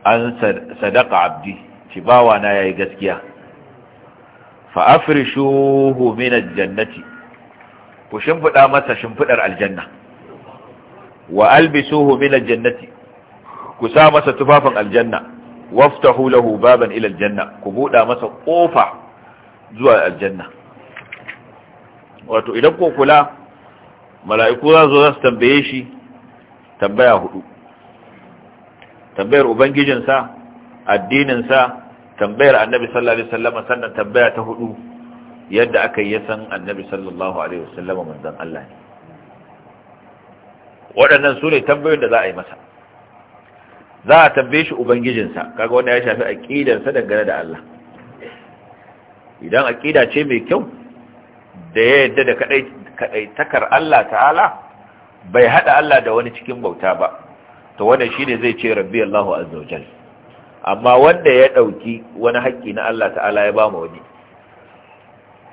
an sadaka abdi ci bawa na ya yi gaskiya shuhu minar jannati ku shimfiɗa masa shimfiɗar aljanna wa shuhu minar jannati ku sa masa tufafin aljanna waftahu hulahu baban ila janna. ku buɗa masa ƙofa zuwa aljanna wato idan ko kula mala'iku za zo za su tambaye shi tambaya hudu tambayar ubangijinsa addininsa tambayar annabi sallallahu alaihi wasallam sannan tambaya ta hudu yadda aka yi san annabi sallallahu alaihi wasallam manzon Allah ne waɗannan su ne tambayoyin da za a yi masa za a tambaye shi ubangijinsa kaga wanda ya shafi aqidarsa dangane da Allah idan aqida ce mai kyau da ya yadda da kadai takar Allah ta'ala bai hada Allah da wani cikin bauta ba to wannan shine zai ce rabbi Allahu azza wajal amma wanda ya dauki wani haƙƙi na Allah ta'ala ya ba mu wani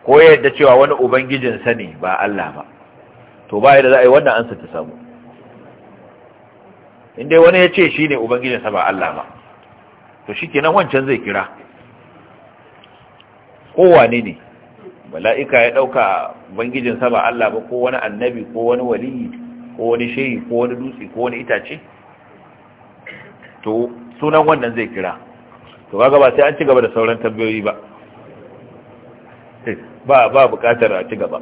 ko yadda cewa wani ubangijin sa ne ba Allah ba to ba yadda za a yi wannan ansa ta samu in dai wani ya ce shine ubangijin sa ba Allah ba to shikenan wancan zai kira kowane ne mala'ika ya dauka ubangijin sa ba Allah ba ko wani annabi ko wani waliyi ko wani shehi ko wani dutse ko wani itace to sunan wannan zai kira to kaga ba sai an ci gaba da sauran tambayoyi ba *laughs* ba ba bukatar a ci gaba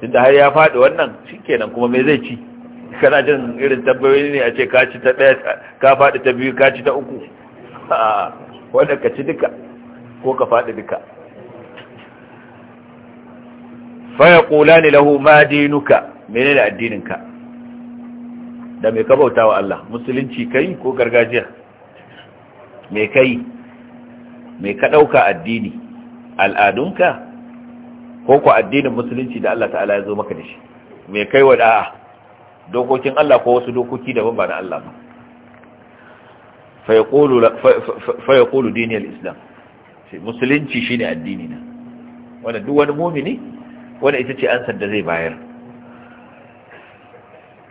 tunda har ya faɗi wannan shikenan kuma me zai ci *laughs* kana jin irin tambayoyi ne a ce ka ci ta ɗaya ka faɗi ta biyu ka ci ta uku *laughs* wanda ka ci duka ko ka faɗi duka fa yaqulani lahu ma dinuka da addininka da mai ka bauta wa Allah musulunci kai ko gargajiya mai kai mai ka dauka addini al'adunka ko ku addinin musulunci da Allah ta'ala ya zo maka da shi Mai kai wa da'a dokokin Allah ko wasu dokoki daban ba na Allah ba fa yaqulu fa yaqulu dini al-islam musulunci shine addini na wanda duk wani mumini wanda ita ce ansar da zai bayar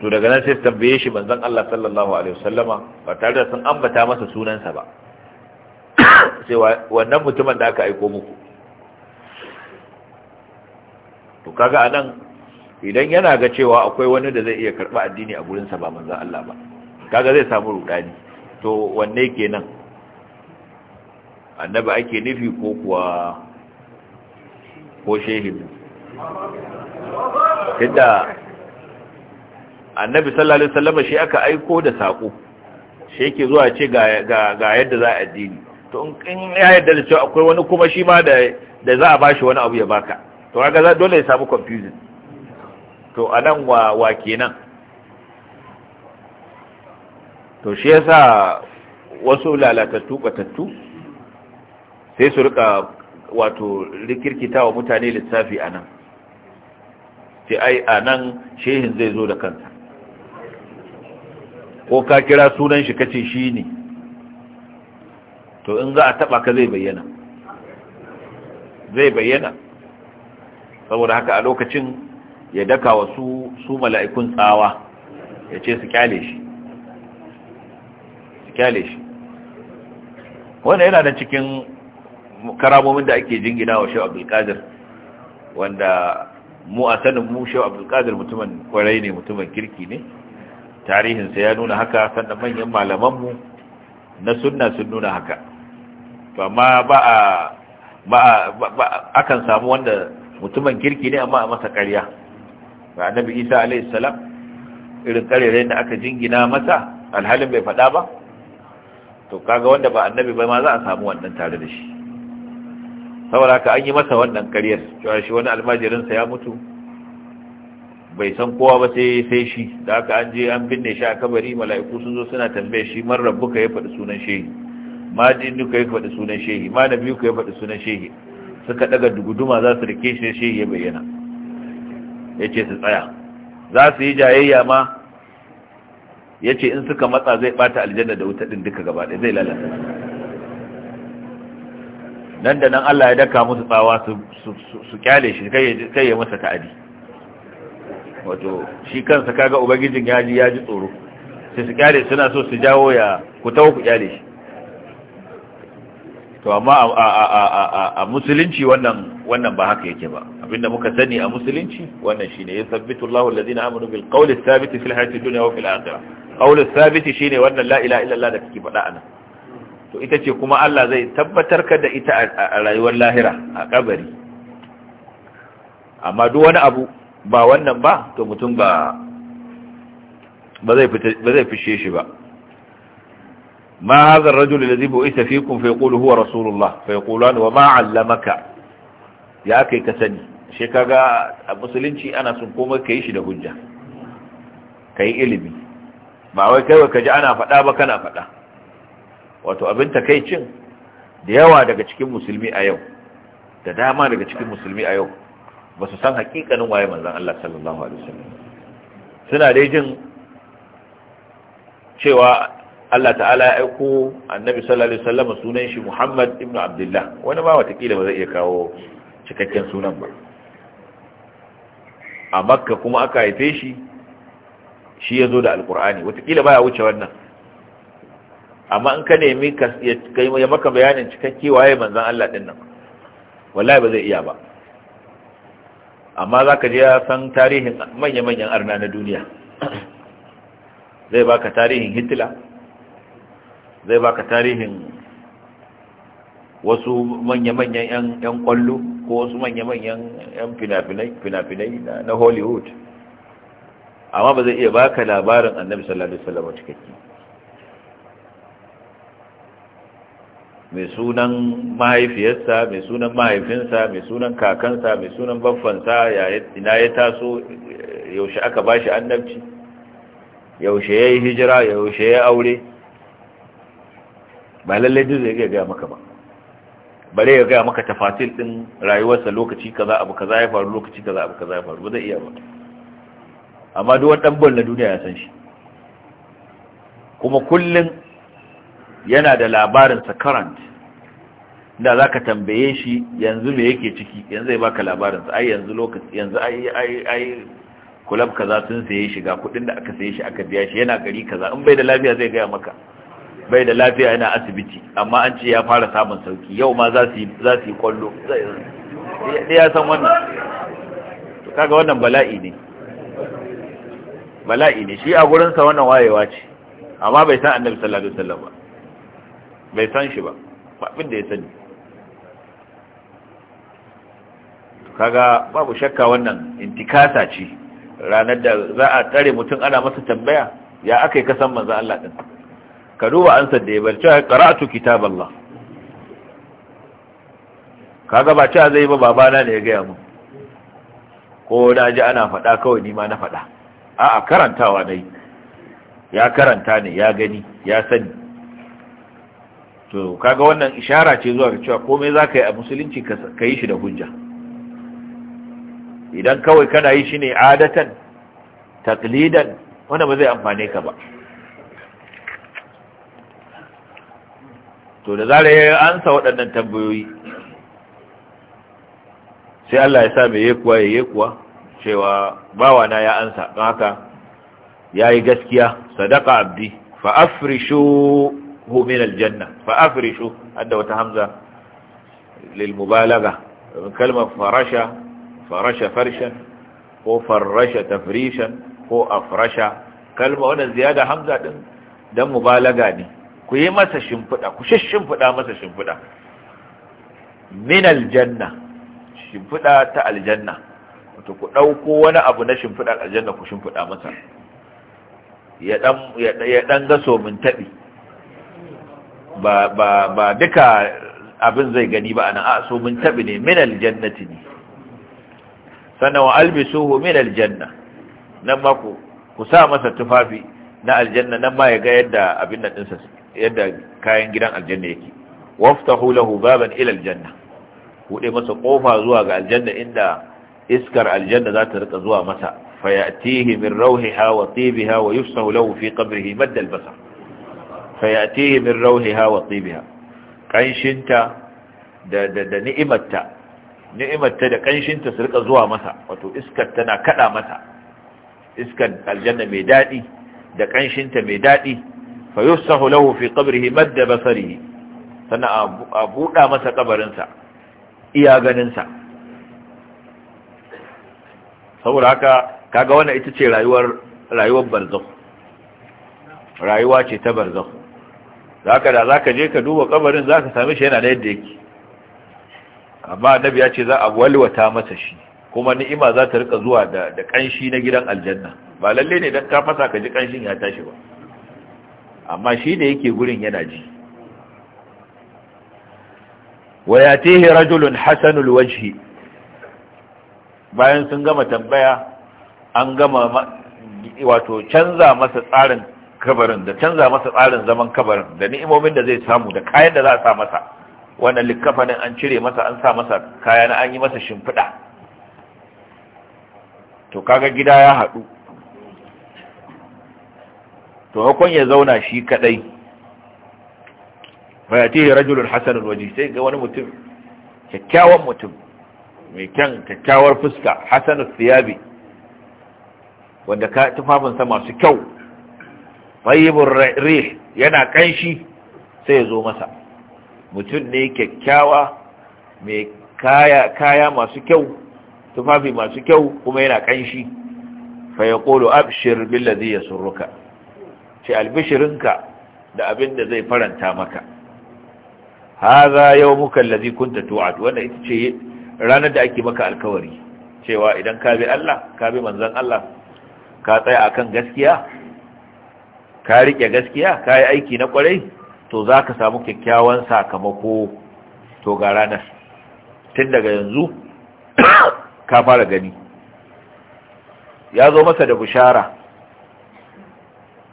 to daga nan sai su tambaye shi manzon Allah sallallahu alaihi wasallama ba tare da sun ambata masa sunansa ba sai *coughs* wannan mutumin da aka aiko muku to kaga anan idan yana ga cewa akwai wani da zai iya karba addini a gurin sa ba manzon Allah ba kaga zai samu rudani to wanne kenan annabi ake nufi ko kuwa ko shehin tunda annabi sallallahu alaihi wasallam shi aka aiko da sako shi yake zuwa ce ga ga yadda za a addini to in ya yadda da cewa akwai wani kuma shi ma da da za a bashi wani abu ya baka to kaga za dole ya samu confusion to anan wa wa kenan to shi yasa wasu lalatattu batattu sai su rika wato rikirkitawa wa mutane lissafi anan sai ai anan shehin zai zo da kansa ko ka kira sunan shi kace shi ne to in za a taba ka zai bayyana zai bayyana saboda haka a lokacin ya daka wa su su mala'ikun tsawa ya ce su kyale shi su kyale shi wanda yana da cikin karamomin da ake jingina wa shehu abdulkadir wanda mu a sanin mu shehu abdulkadir mutumin kwarai ne mutumin kirki ne tarihinsa ya nuna haka sannan manyan malamanmu na sunna sun nuna haka to amma ba a ba akan samu wanda mutumin kirki ne amma a masa ƙarya ba annabi isa alaihi salam irin ƙarerayen da aka jingina masa alhalin bai faɗa ba to kaga wanda ba annabi ba ma za a samu wannan tare da shi saboda haka an yi masa wannan ƙaryar cewa shi wani almajirinsa ya mutu bai san kowa ba sai sai shi da aka an je an binne shi a kabari mala'iku sun zo suna tambaye shi man rabbu ka ya faɗi sunan shehi ma ka ya faɗi sunan shehi ma ka ya faɗi sunan shehi suka daga duguduma za su rike shi shehi ya bayyana Ya ce su tsaya za su yi jayayya ma Ya ce in suka matsa zai ɓata aljanna da wuta ɗin duka gaba ɗaya zai lalata nan da nan Allah ya daka musu tsawa su su kyale shi kai ya masa ta'adi wato shi kansa kaga ubangijin ya ji ya ji tsoro sai su kyale suna so su jawo ya ku tawo ku kyale shi to amma a musulunci wannan wannan ba haka yake ba abinda muka sani a musulunci wannan shine ya sabbitu Allahu alladhina amanu bil qawli thabiti fil hayati dunya wa fil akhirah qawli thabiti shine wannan la ilaha illa Allah da kike faɗa anan to ita ce kuma Allah zai tabbatar ka da ita a rayuwar lahira a kabari amma duk wani abu ba wannan ba to mutum ba ba zai fishe shi ba ma hazar rajul da zibu isa fikun fa yaqulu huwa rasulullah fa yaqulani wa ma ya kai ka sani shi kaga a musulunci ana sun koma kai shi da hujja kai ilimi ba wai kai ka ji ana faɗa ba kana faɗa wato abin takaicin da yawa daga cikin musulmi a yau da dama daga cikin musulmi a yau ba su san hakikanin waye manzon Allah sallallahu alaihi wasallam suna dai jin cewa Allah ta'ala ya aiko annabi sallallahu alaihi wasallam sunan shi Muhammad ibn Abdullah wani ba watakila ba zai iya kawo cikakken sunan ba a makka kuma aka haife shi shi ya zo da alkur'ani watakila baya wuce wannan amma in ka nemi ya maka bayanin cikakke waye manzan Allah ɗin nan wallahi ba zai iya ba amma za ka je ya san tarihin manya-manyan arna na duniya zai baka tarihin hitila zai baka tarihin wasu manya-manyan 'yan kwallo ko wasu manya-manyan 'yan fina-finai na hollywood amma ba zai iya baka labarin annabi sallallahu alaihi wasallam cikakke mai sunan mahaifiyarsa mai sunan mahaifinsa mai sunan kakansa mai sunan baffansa ina ya taso yaushe aka bashi annabci yaushe ya yi hijira yaushe ya aure ba lallai duk zai gaya maka ba bare ya gaya maka tafasil din rayuwarsa lokaci kaza abu kaza ya faru lokaci kaza abu kaza ya faru ba zai iya ba amma duk wani ɗanɓar na duniya ya san shi kuma kullum yana da labarinsa current da za ka tambaye shi yanzu me yake ciki yanzu zai baka labarinsa ai yanzu lokaci yanzu ai ai ai kulab kaza sun saye shi ga kudin da aka saye shi aka biya shi yana gari kaza in bai da lafiya zai gaya maka bai da lafiya yana asibiti amma an ce ya fara samun sauki yau ma za su za su kwallo sai ya san wannan to kaga wannan bala'i ne bala'i ne shi a gurin sa wannan wayewa ce amma bai san annabi sallallahu alaihi wasallam ba bai san shi ba abin da ya sani kaga babu shakka wannan intikasa ce ranar da za a tare mutum ana masa tambaya ya aka yi kasan manzan Allah ɗin ka duba an da ya bar cewa karatu kitab Allah kaga ba cewa zai ba babana da ya gaya mu ko na ji ana faɗa kawai nima na faɗa a'a karantawa na yi ya karanta ne ya gani ya sani to kaga wannan ishara ce zuwa ga cewa komai za ka yi a musulunci ka yi shi da hujja idan kawai kana yi shi ne adatan taklidan wanda ba zai amfane ka ba to da zarar ya ansa waɗannan tambayoyi sai Allah ya sa mai yekuwa ya kuwa cewa bawa na ya ansa don haka ya yi gaskiya sadaka abdi fa afrishu hu min aljanna fa afrishu hadda wata hamza lil mubalagha kalmar farasha farasha farshan ko farasha tafrishan ko afrasha kalma wannan ziyada hamza din dan mubalaga ne ku yi masa shimfida ku shimfida masa shimfida min aljanna shimfida ta aljanna wato ku dauko wani abu na shimfidar aljanna ku shimfida masa ya dan ya dan gaso min tabi ba duka abin zai gani ba anan a so mun tabi ne min aljannati ne sannan wa albisuhu min aljanna nan ma ku ku sa masa tufafi na aljanna nan ma ya ga yadda abin nan dinsa yadda kayan gidan aljanna yake waftahu lahu baban ila aljanna buɗe masa kofa zuwa ga aljanna inda iskar aljanna za ta rika zuwa masa fayatihi min rauhiha wa tibiha wa yufsahu lahu fi qabrihi madda albasar fayatihi min rauhiha wa tibiha Ƙanshinta da da da ni'imarta da kanshinta su rika zuwa masa wato iskar tana kada masa iskar aljanna mai daɗi da ƙanshinta mai daɗi. dadi fayusahu lahu fi qabrihi madda basarihi sana a buɗa masa kabarinsa iya ganinsa saboda haka kaga wannan ita ce rayuwar rayuwar barzakh rayuwa ce ta barzakh zaka da zaka je ka duba kabarin zaka same shi yana da yadda yake amma annabi ya ce za a walwata masa shi kuma ni'ima za ta rika zuwa da da kanshi na gidan aljanna ba lalle ne dan ka fasa ka ji kanshin ya tashi ba amma shi da yake gurin yana ji wa yatihi rajulun hasanul wajhi bayan sun gama tambaya an gama wato canza masa tsarin kabarin da canza masa tsarin zaman kabarin da ni'imomin da zai samu da kayan da za a sa masa wannan likkafanin an cire masa an sa masa kaya na an yi masa shimfiɗa to kaga gida ya haɗu to hakon ya zauna shi kaɗai fayatihi rajulun hasanul waje sai ga wani mutum kyakkyawan mutum mai kyan kyakkyawar fuska hasanul siyabi wanda ka tufafinsa masu kyau tayyibur rih yana kanshi sai ya zo masa mutum ne kyakkyawa mai kaya kaya masu kyau tufafi masu kyau kuma yana kanshi fa yaqulu abshir billazi surruka ce albishirinka da abin da zai faranta maka haza yau muka kunta tu'ad wanda ita ce ranar da ake maka alkawari cewa idan ka bi Allah ka bi manzon Allah ka tsaya akan gaskiya ka rike gaskiya ka yi aiki na kwarai to za ka samu kyakkyawan sakamako to ga ranar tun daga yanzu *coughs* ka fara gani ya zo masa da bishara.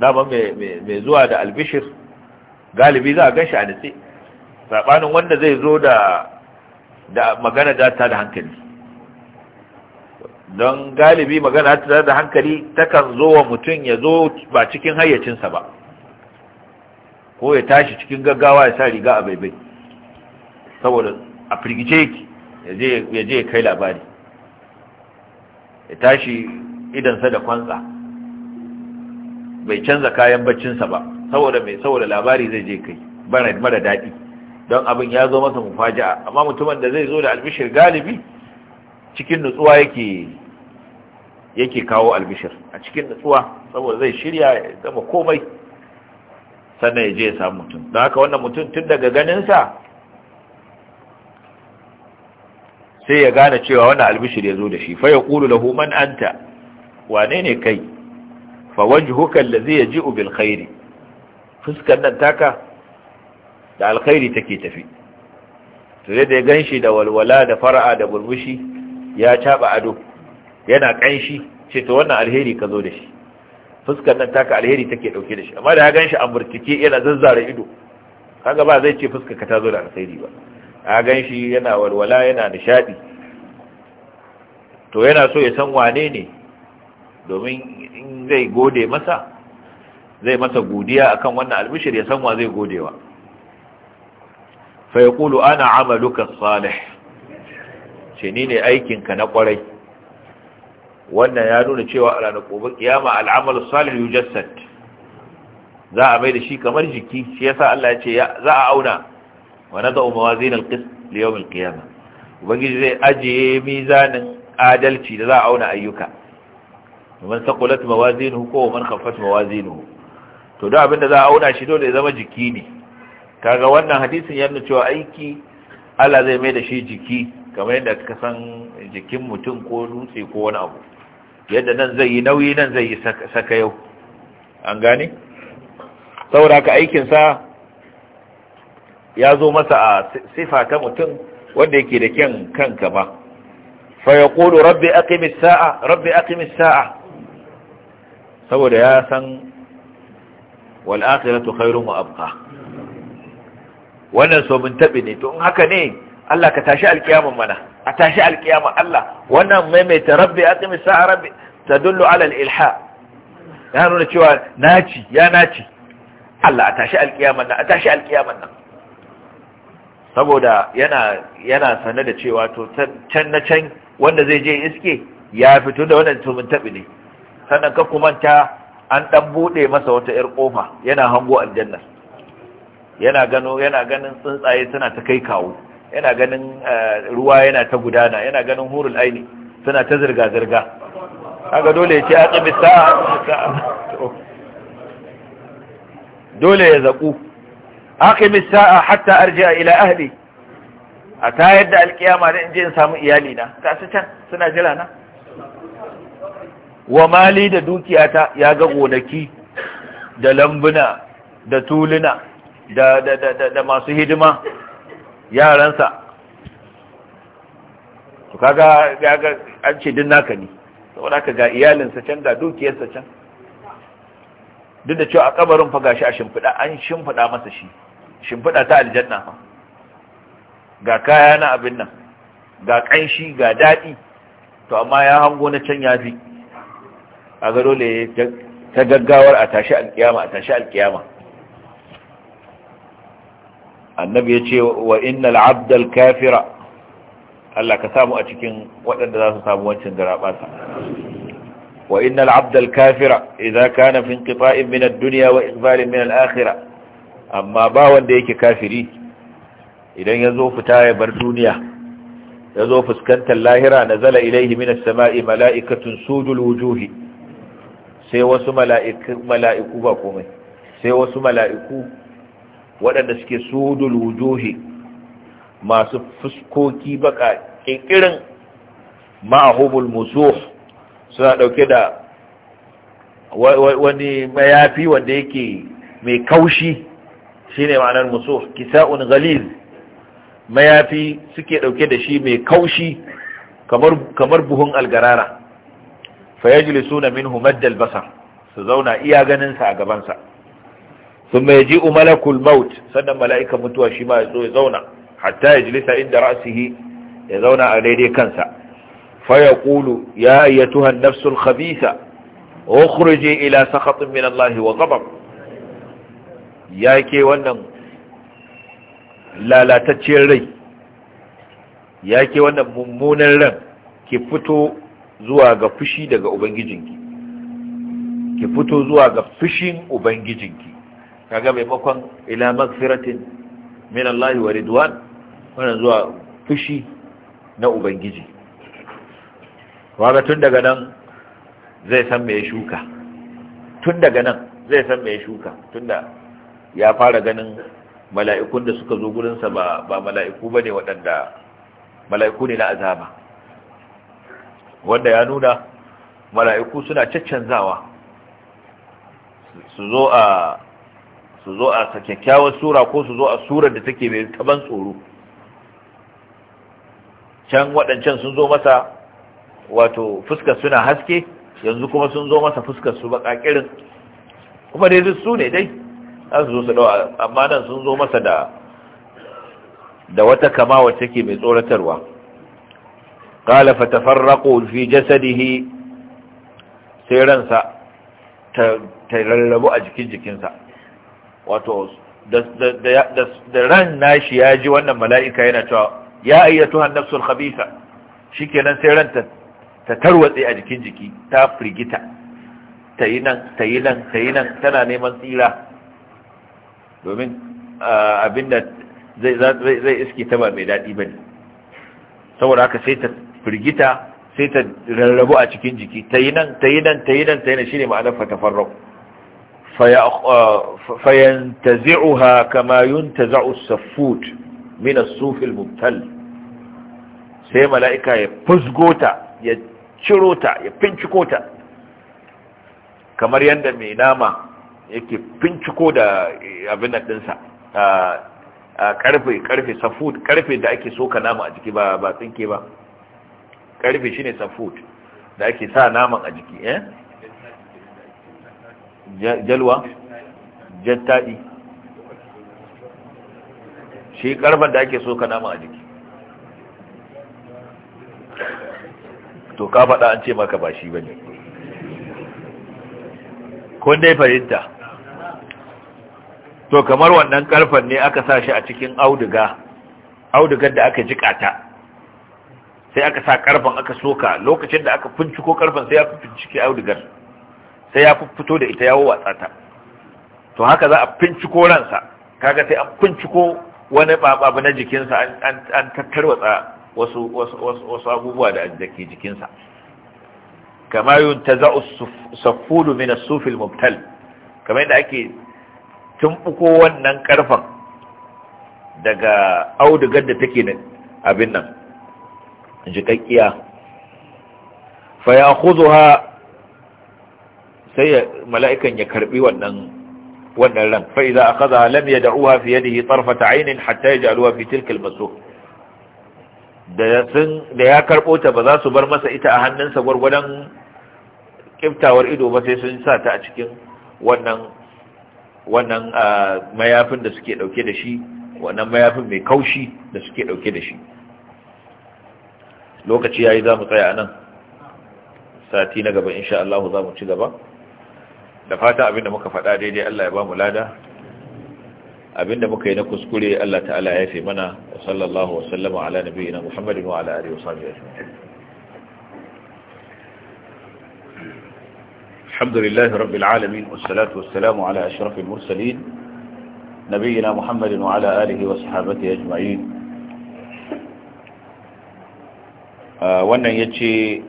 dama mai zuwa da albishir galibi za a gan shi a nitse saɓanin wanda zai zo da magana data da hankali don galibi magana ta da hankali takan zo wa mutum ya zo ba cikin hayyacinsa ba ko ya tashi cikin gaggawa ya sa riga a baibai saboda a firgice ya je ya kai labari ya tashi idansa da kwanza bai canza kayan baccinsa ba saboda mai saboda labari zai je kai mara daɗi don abin ya zo masa mufaja amma mutumin da zai zo da albishir galibi cikin nutsuwa yake yake kawo albishir a cikin nutsuwa saboda zai shirya ya gama komai sannan ya je ya samu mutum don haka wannan mutum tun daga ganinsa sai ya gane cewa wannan albishir ya zo da shi fa ya ƙulu lahu man anta wane ne kai fa wajhuka allazi yaji'u bil khairi fuskar nan taka da alkhairi take tafi to da ya ganshi da walwala da fara'a da burbushi ya caba ado yana kanshi ce to wannan alheri ka zo da shi fuskar nan taka alheri take dauke da shi amma da ya ganshi a murtike yana zazzara ido kaga ba zai ce fuskar ka ta zo da alheri ba ya ganshi yana walwala yana nishadi to yana so ya san wane ne domin in zai gode masa zai masa godiya akan wannan albishir ya san wa zai godewa fa yaqulu ana amaluka salih ce ni ne aikinka na kwarai wannan ya nuna cewa a ranar gobe kiyama al'amal salin yujassad za a mai da shi kamar jiki shi yasa Allah ya ce za a auna wa nadau mawazin al-qist li yawm al ubangiji zai ajiye mizanin adalci da za a auna ayyuka man saqulat mawazinuhu ko man khaffat mawazinuhu to da abinda za a auna shi dole ya zama jiki ne kaga wannan hadisin ya nuna cewa aiki Allah zai mai da shi jiki kamar yadda ka san jikin mutum ko dutse ko wani abu yadda nan zai yi nauyi nan zai yi saka yau an gane saboda haka aikinsa ya zo masa a sifa ta mutum wanda yake da kyan kanka ba fa ya ƙodo rabbi aqimis sa'a rabbi aqimis sa'a saboda ya san wal akhiratu khairun wa abqa wannan so mun tabi ne to in haka ne Allah ka tashi alkiyama mana a tashi alkiyama Allah wannan maimaita rabbi aqimi sa'a rabbi ta ala al-ilha ya nuna cewa naci ya naci Allah a tashi alkiyaman nan a tashi alkiyaman nan saboda yana yana sanar da cewa to can na can wanda zai je iske ya fito da wannan tumin tabi ne sannan ka kumanta an dan bude masa wata yar kofa yana hango aljanna yana gano yana ganin tsuntsaye suna ta kai kawo yana ganin eh, ruwa yana ta gudana yana ganin hurul aini suna ta zirga-zirga kaga dole ya ce a tsami sa'a dole ya zaƙu aqimis sa'a hatta a ila ahli a ta yadda alkiyama da in je in samu iyali na ga su can suna jira na wa mali da dukiyata ya ga gonaki da lambuna da tuluna da masu hidima yaransa to kaga an ce din naka ne saboda ka ga iyalinsa can ga dukiyarsa can duk da cewa a kabarin fa gashi a shimfiɗa an shimfiɗa masa shi shimfiɗa ta aljanna fa ga kaya na abin nan ga ƙanshi ga daɗi to amma ya hango na can ya fi a ga dole ta gaggawar a tashi alkiyama a tashi alkiyama annabi ya ce wa innal abdal kafira Allah ka samu a cikin waɗanda za su samu wancan garaɓasa wa innal abdal kafira idza ka fi inqita'in min ad-dunya wa iqbalin min al amma ba wanda yake kafiri idan ya zo fita ya bar duniya ya zo fuskantar lahira na nazala ilaihi min as-sama'i mala'ikatun sudul wujuhi sai wasu mala'iku ba komai sai wasu mala'iku waɗanda suke sudul wujuhi masu fuskoki baka ƙirƙirin ma'ahubul musuh suna ɗauke da wani mayafi wanda yake mai kaushi shine ma'anar musuh kisa'un ghalil mayafi suke ɗauke da shi mai kaushi kamar buhun algarara fa na minhu maddal basar su zauna iya ganinsa a gabansa thumma yaji'u malakul maut sannan mala'ikan mutuwa shi ma ya zo ya zauna hatta yajlisa inda ra'sihi ya zauna a daidai kansa fa yaqulu ya ayyatuha an-nafsul khabitha ukhruji ila sakhatin min Allah wa Ya yake wannan lalatacciyar rai yake wannan mummunan ran ki fito zuwa ga daga ubangijinki ki fito zuwa ga fushin ubangijinki kaga maimakon ila magfiratin min wa ridwan wannan zuwa fushi na ubangiji waga tun daga nan zai san me shuka tun daga nan zai san me shuka tunda ya fara ganin mala'ikun da suka zo gurinsa ba ba mala'iku bane waɗanda mala'iku ne na azaba wanda ya nuna mala'iku suna caccanzawa su zo a su zo a kyakkyawar sura ko su zo a surar da take mai taban tsoro can waɗancan sun zo masa wato fuskar suna haske yanzu kuma sun zo masa fuskar su baƙaƙirin kuma dai duk su ne dai za su zo su ɗau amma nan sun zo masa da da wata kama wacce ke mai tsoratarwa qala fatafarraqu fi jasadihi sai ransa ta rarrabu a jikin jikinsa wato da ran nashi ya ji wannan mala'ika yana cewa ya ayyatu hannafsul khabisa shikenan sai ran ta tarwatse a jikin jiki ta firgita ta yi nan ta yi nan ta yi nan tana neman tsira domin abinda zai iske ta ba mai daɗi ba ne saboda haka sai ta firgita sai ta rarrabu a cikin jiki ta yi nan ta yi nan ta yi nan ta yi nan shi ne ma'anar fatafarrau فينتزعها كما ينتزع السفوت من الصوف المبتل sai mala'ika ya fusgo ta ya ciro ta ya finciko ta kamar yadda mai nama yake finciko da abin da ɗinsa a ƙarfe ƙarfe safut ƙarfe da ake soka nama a jiki ba tsinke ba ƙarfe shine safut da ake sa naman a jiki eh jalwa jattaɗi shi karfan da ake so ka nama a jiki to ka faɗa an ce maka ba shi ba ne dai fahimta to kamar wannan karfan ne aka sa shi a cikin auduga audugar da aka jikata sai aka sa karfan aka soka lokacin da aka finciko karfan sai aka finciki audugar sai ya fito da ita yawo watsa ta to haka za a finciko ransa kaga sai an finciko wani babu na jikinsa an tattarwatsa wasu wasu abubuwa da ke jikinsa kama yuntaza'u saffulu min sufil mubtal kamar yadda ake tumbuko wannan karfan daga audugar da take abin nan jikakkiya fa ya'khudha sai mala'ikan ya karbi wannan ran. ran fa idza kaza lam ya fi yadihi tarfat 'ayn hatta yaj'aluha fi tilka al-masuk da sun da ya karbo ta ba za su bar masa ita a hannunsa gwargwadon kiftawar ido ba sai sun sa ta a cikin wannan mayafin da suke dauke da shi wannan mayafin mai kaushi da suke dauke da shi lokaci yayi za mu tsaya nan sati na gaba insha Allah za mu ci gaba da fata abinda muka faɗa daidai Allah ya ba mu lada abinda muka yi na kuskure Allah ta'ala ya fi mana wa sallallahu wa sallama ala nabiyina Muhammadin wa ala alihi wa sahbihi ajma'in alhamdulillahi rabbil alamin wassalatu wassalamu ala ashrafil mursalin nabiyina Muhammadin wa ala alihi wa sahbihi ajma'in wannan yace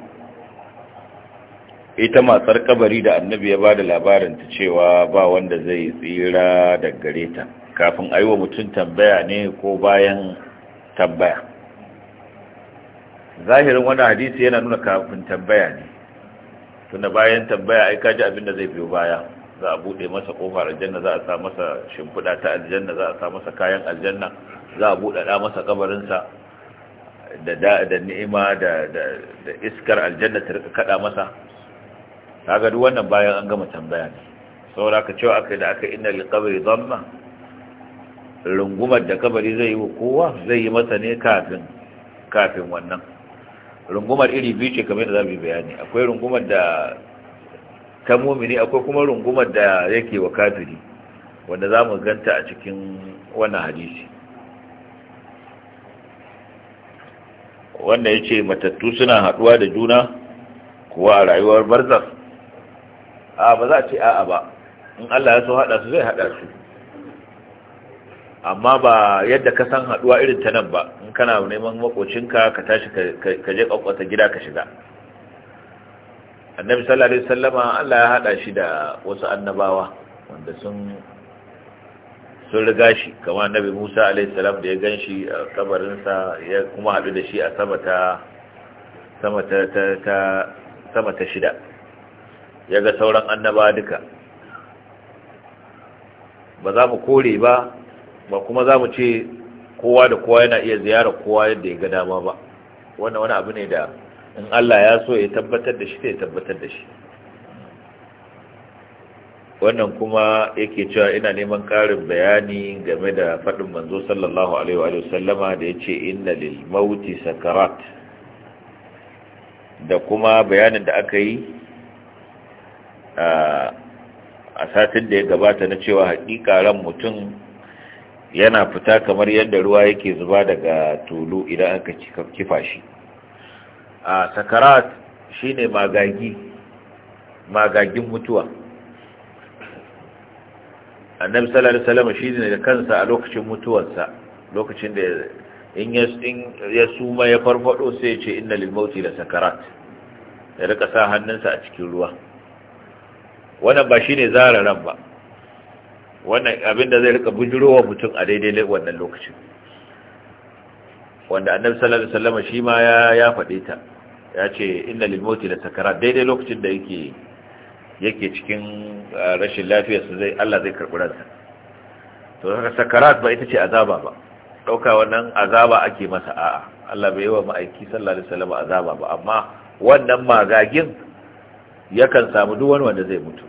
ita matsar kabari da annabi ya ba da labarinta cewa ba wanda zai tsira da gare ta kafin wa mutum tambaya ne ko bayan tambaya zahirin wani hadisi yana nuna kafin tambaya ne tunda bayan tambaya ai kaji abin da zai biyo baya za a bude masa kofar aljanna za a sa masa shimfiɗa ta aljanna za a sa masa kayan aljanna za a da masa kabarinsa da da ni'ima da iskar aljanna ta rika kada masa kaga duk wannan bayan an gama tambaya ne saboda ka cewa aka da aka inna lil qabri dhamma rungumar da kabari zai yi wa kowa zai yi masa ne kafin kafin wannan rungumar iri biyu ce kamar da bayani akwai rungumar da ta mumini akwai kuma rungumar da yake wa kafiri wanda za mu ganta a cikin wannan hadisi wanda ya ce matattu suna haɗuwa da juna kuwa a rayuwar barzakh a ba za a ce a'a ba in Allah ya so haɗa su zai haɗa su amma ba yadda ka san haɗuwa irin ta nan ba in kana neman makocinka ka tashi ka je kwakwata gida ka shiga annabi sallallahu alaihi wasallama Allah ya haɗa shi da wasu annabawa wanda sun sun riga shi kamar annabi Musa alaihi salam da ya ganshi a kabarin sa ya kuma haɗu da shi a sama ta sama ta sama ta shida ya ga sauran annaba duka ba za mu kore ba ba kuma za mu ce kowa da kowa yana iya ziyarar kowa yadda ya ga dama ba wannan wani abu ne da in Allah ya so ya tabbatar da shi ya tabbatar da shi wannan kuma yake cewa ina neman karin bayani game da faɗin manzo sallallahu alaihi wa sallama da ya ce inna lil mauti sakarat da kuma bayanin da aka yi a satin da ya gabata na cewa hakika ran mutum yana fita kamar yadda ruwa yake zuba daga tulu idan aka kifa shi a sakarat shine magagi magagin mutuwa annabi sallallahu alaihi wasallam shine da kansa a lokacin mutuwarsa lokacin da in ya suma ya farfado sai ya ce inna mauti la sakarat ya rika sa hannunsa a cikin ruwa wannan ba shi ne zara ran ba wannan abinda zai rika bujurowa mutum a daidai wannan lokacin wanda annabi sallallahu alaihi wasallam shi ma ya ya fade ta ya ce inna lil mauti la takara daidai lokacin da yake yake cikin uh, rashin lafiya su zai Allah zai karbi ransa to haka sakarat ba ita ce azaba ba dauka wannan azaba ake masa a Allah bai yi wa ma'aiki sallallahu alaihi wasallam azaba ba amma wannan magagin yakan samu duk wani wanda zai mutu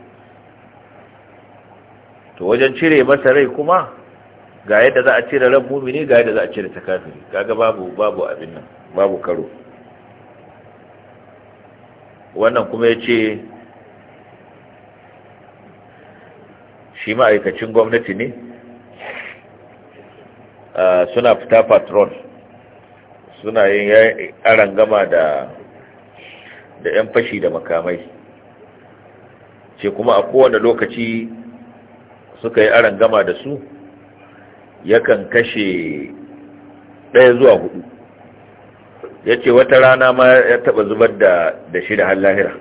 to wajen cire masa rai kuma ga yadda za a cire ran mumini ga yadda za a cire ta kafiri kaga babu babu abin nan babu karo wannan kuma ya ce shi ma'aikacin gwamnati ne suna fita patron suna yin aran gama da da 'yan fashi da makamai ce kuma a kowane lokaci suka yi aran gama da su yakan kashe ɗaya zuwa hudu ya ce wata rana ma ya taɓa zubar da shi da hallahira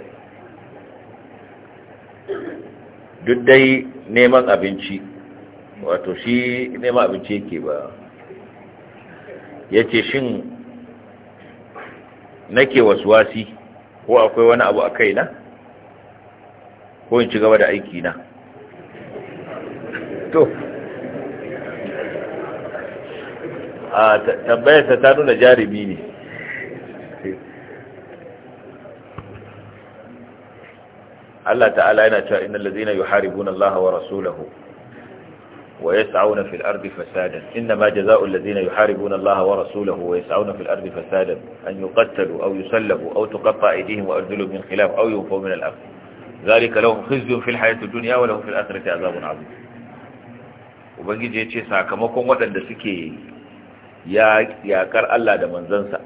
duk dai neman abinci wato shi neman abinci yake ba ya ce shin nake wasu wasi ko akwai wani abu a kai na? ko in ci gaba da aiki na? to a tambayarsa ta ta nuna jarumi ne Allah ta'ala yana cewa innal ladina yuharibuna Allah wa rasulahu wa yas'auna fil ardi fasadan inma jazaa'u alladhina yuharibuna Allah wa rasulahu wa yas'auna fil ardi fasadan an yuqattalu aw yusallabu aw tuqatta'a aydihim wa arjuluhum min khilaf aw yunfaw min al-ardh dhalika lahum khizyun fil hayati ad-dunya wa lahum fil akhirati 'adhabun 'adhim ubangiji ya ce sakamakon waɗanda suke yaƙar Allah da manzansa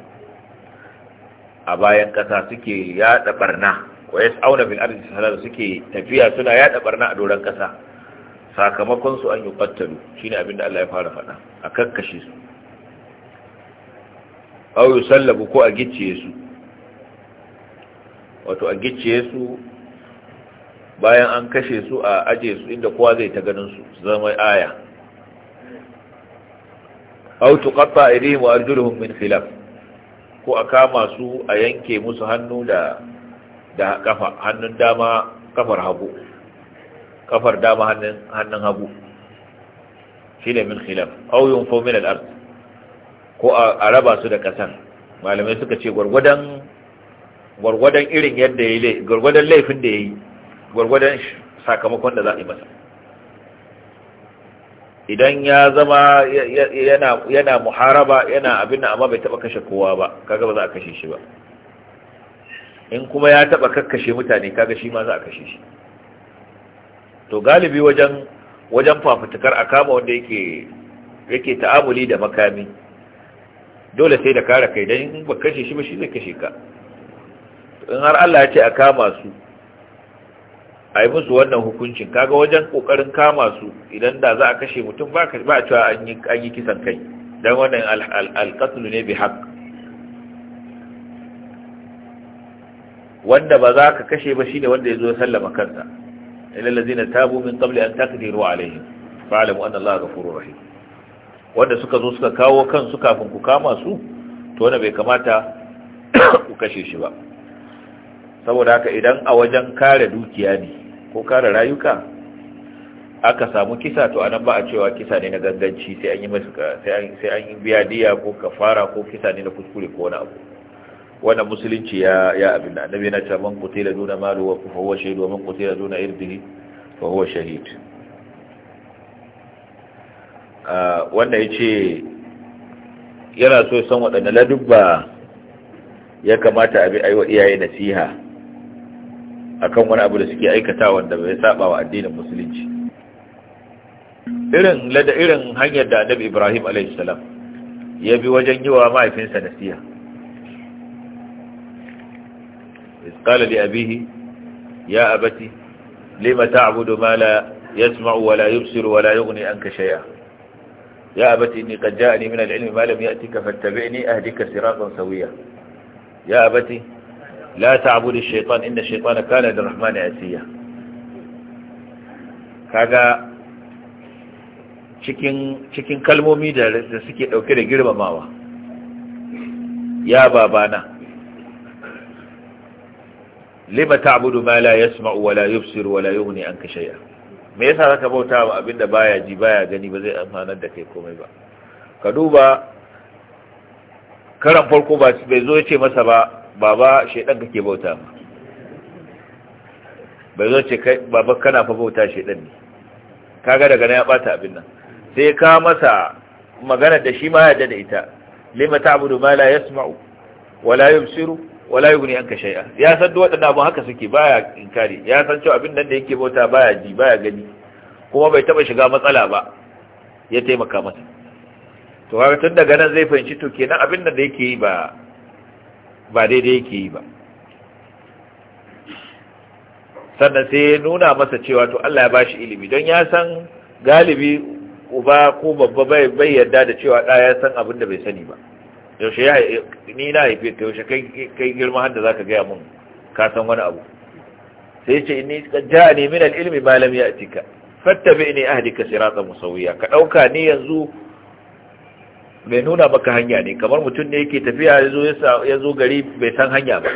a bayan ƙasa suke yaɗa ɓarna. wa ya auna bin arziki da suke tafiya suna yaɗa ɓarna a doron ƙasa sakamakon su an yi ƙwattalu shi ne da Allah ya fara faɗa a kakkashe su ƙauyu sallabu ko a gicciye su wato a gicciye su bayan an kashe su a aje su inda kowa zai ta ganin su zama aya aw tuqatta aydihim wa arjuluhum min khilaf ko a kama su a yanke musu hannu da da kafa hannun dama kafar hagu kafar dama hannun hannun hagu shine min khilaf au yunfu min al-ard ko a raba su da kasan malamai suka ce gwargwadon gurgudan irin yadda yayi gurgudan laifin da yayi gwargwadon sakamakon da za a yi masa idan ya zama yana muharaba yana abin amma bai taba kashe kowa ba kaga ba za a kashe shi ba in kuma ya taba kakkashe mutane kaga shi ma za a kashe shi to galibi wajen wajen fafutukar a kama wanda yake yake ta'amuli da makami dole sai da kare kai dan ba kashe shi ba shi zai kashe ka in har Allah ya ce a kama su a yi musu wannan hukuncin kaga wajen kokarin kama su idan da za a kashe mutum ba a cewa an yi kisan kai don wannan alkatulu ne bi haƙ wanda ba za ka kashe ba shine wanda ya zo ya sallama kansa ilal na tabu min qabli an taqdiru alaihim fa'lamu anna allaha ghafurur rahim wanda suka zo suka kawo kansu kafin ku kama su to wanda bai kamata ku kashe shi ba saboda haka idan a wajen kare dukiya ne ko kare rayuka aka samu kisa to anan ba a cewa kisa ne na ganganci sai an yi masu sai an yi biya diya ko kafara ko kisa ne na kuskure ko wani abu wannan musulunci ya ya abin da annabi yana cewa man qutila duna malu wa huwa shahid wa man qutila duna irdihi fa huwa shahid ah wanda yace yana so ya san wadanne ladubba ya kamata a bi aiwa iyaye nasiha akan wani abu da suke aikata wanda bai saba wa addinin musulunci irin lada irin hanyar da annabi Ibrahim alaihi salam ya bi wajen yi wa mahaifinsa nasiha qala li abihi ya abati lima ta'budu ma la yasma'u wa la yubsiru wa la yughni anka shay'a يا أبت إني قد جاءني من العلم ما لم يأتك فاتبعني أهدك صراطا سويا يا أبت لا تعبد الشيطان إن الشيطان كان للرحمن عسيا kaga cikin cikin kalmomi da da suke dauke da girmamawa ya babana lima ta'budu ma la yasma'u wa la yubsiru wa la yughni anka shay'a me yasa zaka bauta wa abinda baya ji baya gani ba zai amfanar da kai komai ba ka duba karan farko ba bai zo ya ce masa ba baba shaidan kake bauta ma bai zo ce kai baba kana fa bauta shaidan ne kaga daga nan ya bata abin nan sai ka masa magana da shi ma ya da ita lima ta'budu ma la yasma'u wa la yubsiru wa la yughni anka shay'a ya san duk wadannan abun haka suke baya inkari ya san cewa abin nan da yake bauta baya ji baya gani kuma bai taba shiga matsala ba ya taimaka masa to har tun daga nan zai fahimci to kenan abin nan da yake yi ba ba daidai yake yi ba sannan sai ya nuna masa cewa to Allah ya ba shi ilimi don ya san galibi uba ko babba bai yarda da cewa da ya san abin da bai sani ba yaushe ya ni na haife ka yaushe kai girma har da zaka ga mun ka san wani abu sai ce inni ja'ani min al-ilmi ma lam ya'tika fattabi'ni ahdika siratan musawiya ka dauka ni yanzu mai nuna maka hanya ne kamar mutum ne yake tafiya ya zo gari bai san hanya ba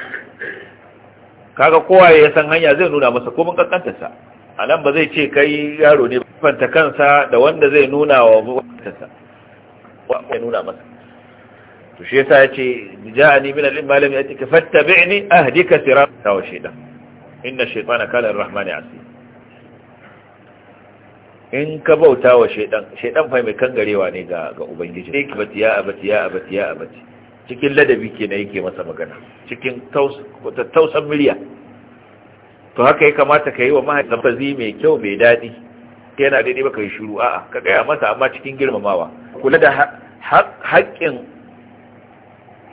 kaga kowa ya san hanya zai nuna masa komin kankantarsa a nan ba zai ce kai yaro ne fanta kansa da wanda zai nuna wa kansa ya nuna masa to shi yasa ya ce ja'ani min al-ilmi lam yatika fattabi'ni ahdika sirata wa shaytan inna ash-shaytana kana ar-rahmani 'asiyya in ka bauta wa shaidan shaidan fa mai kangarewa ne ga ga ubangiji ne bati ya abati ya abati ya abati cikin ladabi kenan yake masa magana cikin tausan miliya to haka ya kamata ka yi wa mahaifin zafazi mai kyau mai daɗi ka yana daidai baka yi shiru. a'a ka ga masa amma cikin girmamawa kula da haƙƙin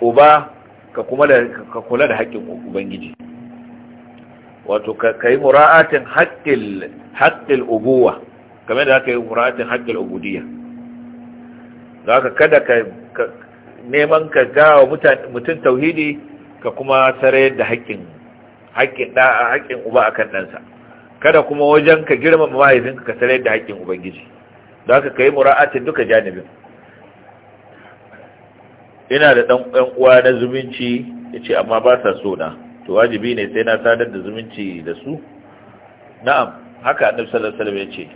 uba ka kuma da ka kula da haƙƙin ubangiji wato ka yi mura'atin haƙƙil haƙƙil ubuwa game da haka yi muratin haƙƙin ubudiyya za ka kada ka neman ka gawa mutum tauhidi ka kuma sarayar da haƙƙin haƙƙin a haƙƙin uba akan ɗansa kada kuma wajen ka girma mahaifinka ka sarayar da haƙƙin ubangiji za ka kai mura'atin duka janibin ina da ɗan uwa na zumunci ya ce amma ba sa so na to wajibi ne sai na sadar da zumunci da su na'am haka annabi sallallahu alaihi wasallam ya ce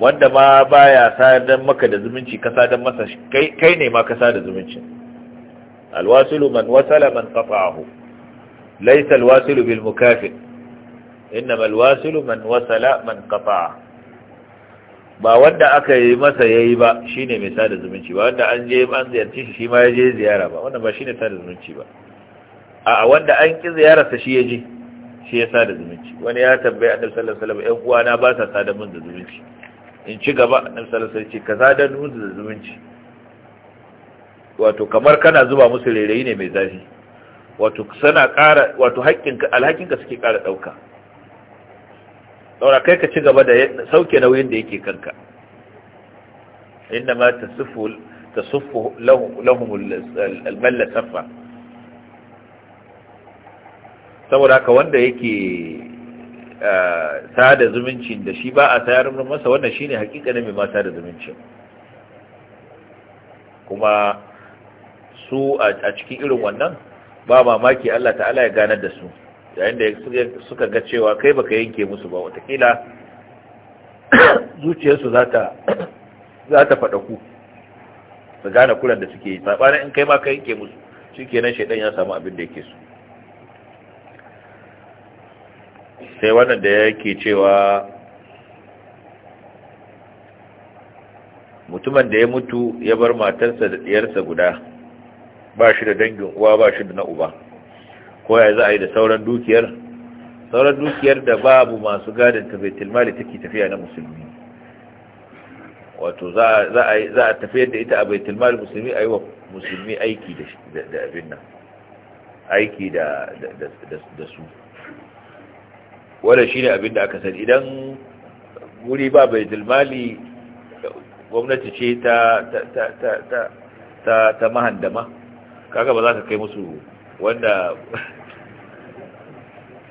wanda ma baya sadan maka da zumunci ka sadan masa kai ne ma ka sada zumuncin alwasilu man wasala man qata'ahu laysa alwasilu bil mukafi innama alwasilu man wasala man qata'a ba wanda aka yi masa yayi ba shine mai sada zumunci ba wanda an je an ziyarci shi ma ya je ziyara ba wanda ba shine sada zumunci ba a wanda an ki ziyararsa shi ya je shi ya sada zumunci wani ya tambaye annabi sallallahu alaihi wasallam ƴan uwana ba sa sadan mun da zumunci in ci gaba na salasar ce ka zada musu da zumunci wato kamar kana zuba musu rairayi ne mai zafi wato sana kara wato haƙƙinka suke ƙara ɗauka ɗaura kai ka ci gaba da sauke nauyin da yake kanka inda ma ta sufu lahum almalla saffa saboda haka wanda yake da zumunci da shi ba a sayar masa wannan shine hakika ne mai mata da zumunci kuma su a cikin irin wannan ba mamaki Allah ta'ala ya ganar da su yayin da suka ga cewa kai baka yanke musu ba watakila *coughs* zuciyarsu za ta *coughs* za ta faɗa ku su gane kuran da suke yi saɓanin in kai ma ka yanke musu shi kenan shaidan ya samu abin da yake so sai wannan da yake cewa mutumin da ya mutu ya bar matarsa da diyarsa guda ba shi da dangin uwa ba shi da na uba ko ya za a yi da sauran dukiyar sauran dukiyar da babu masu gadon ta baitul mali take tafiya na musulmi wato za a za a tafiyar da ita a bai tilmali musulmi ayi wa musulmi aiki da da abin nan aiki da da da su wannan shine abin da aka sani idan wuri ba bai mali gwamnati ce ta ta ta ta ta ta mahandama kaga ba za ka kai musu wanda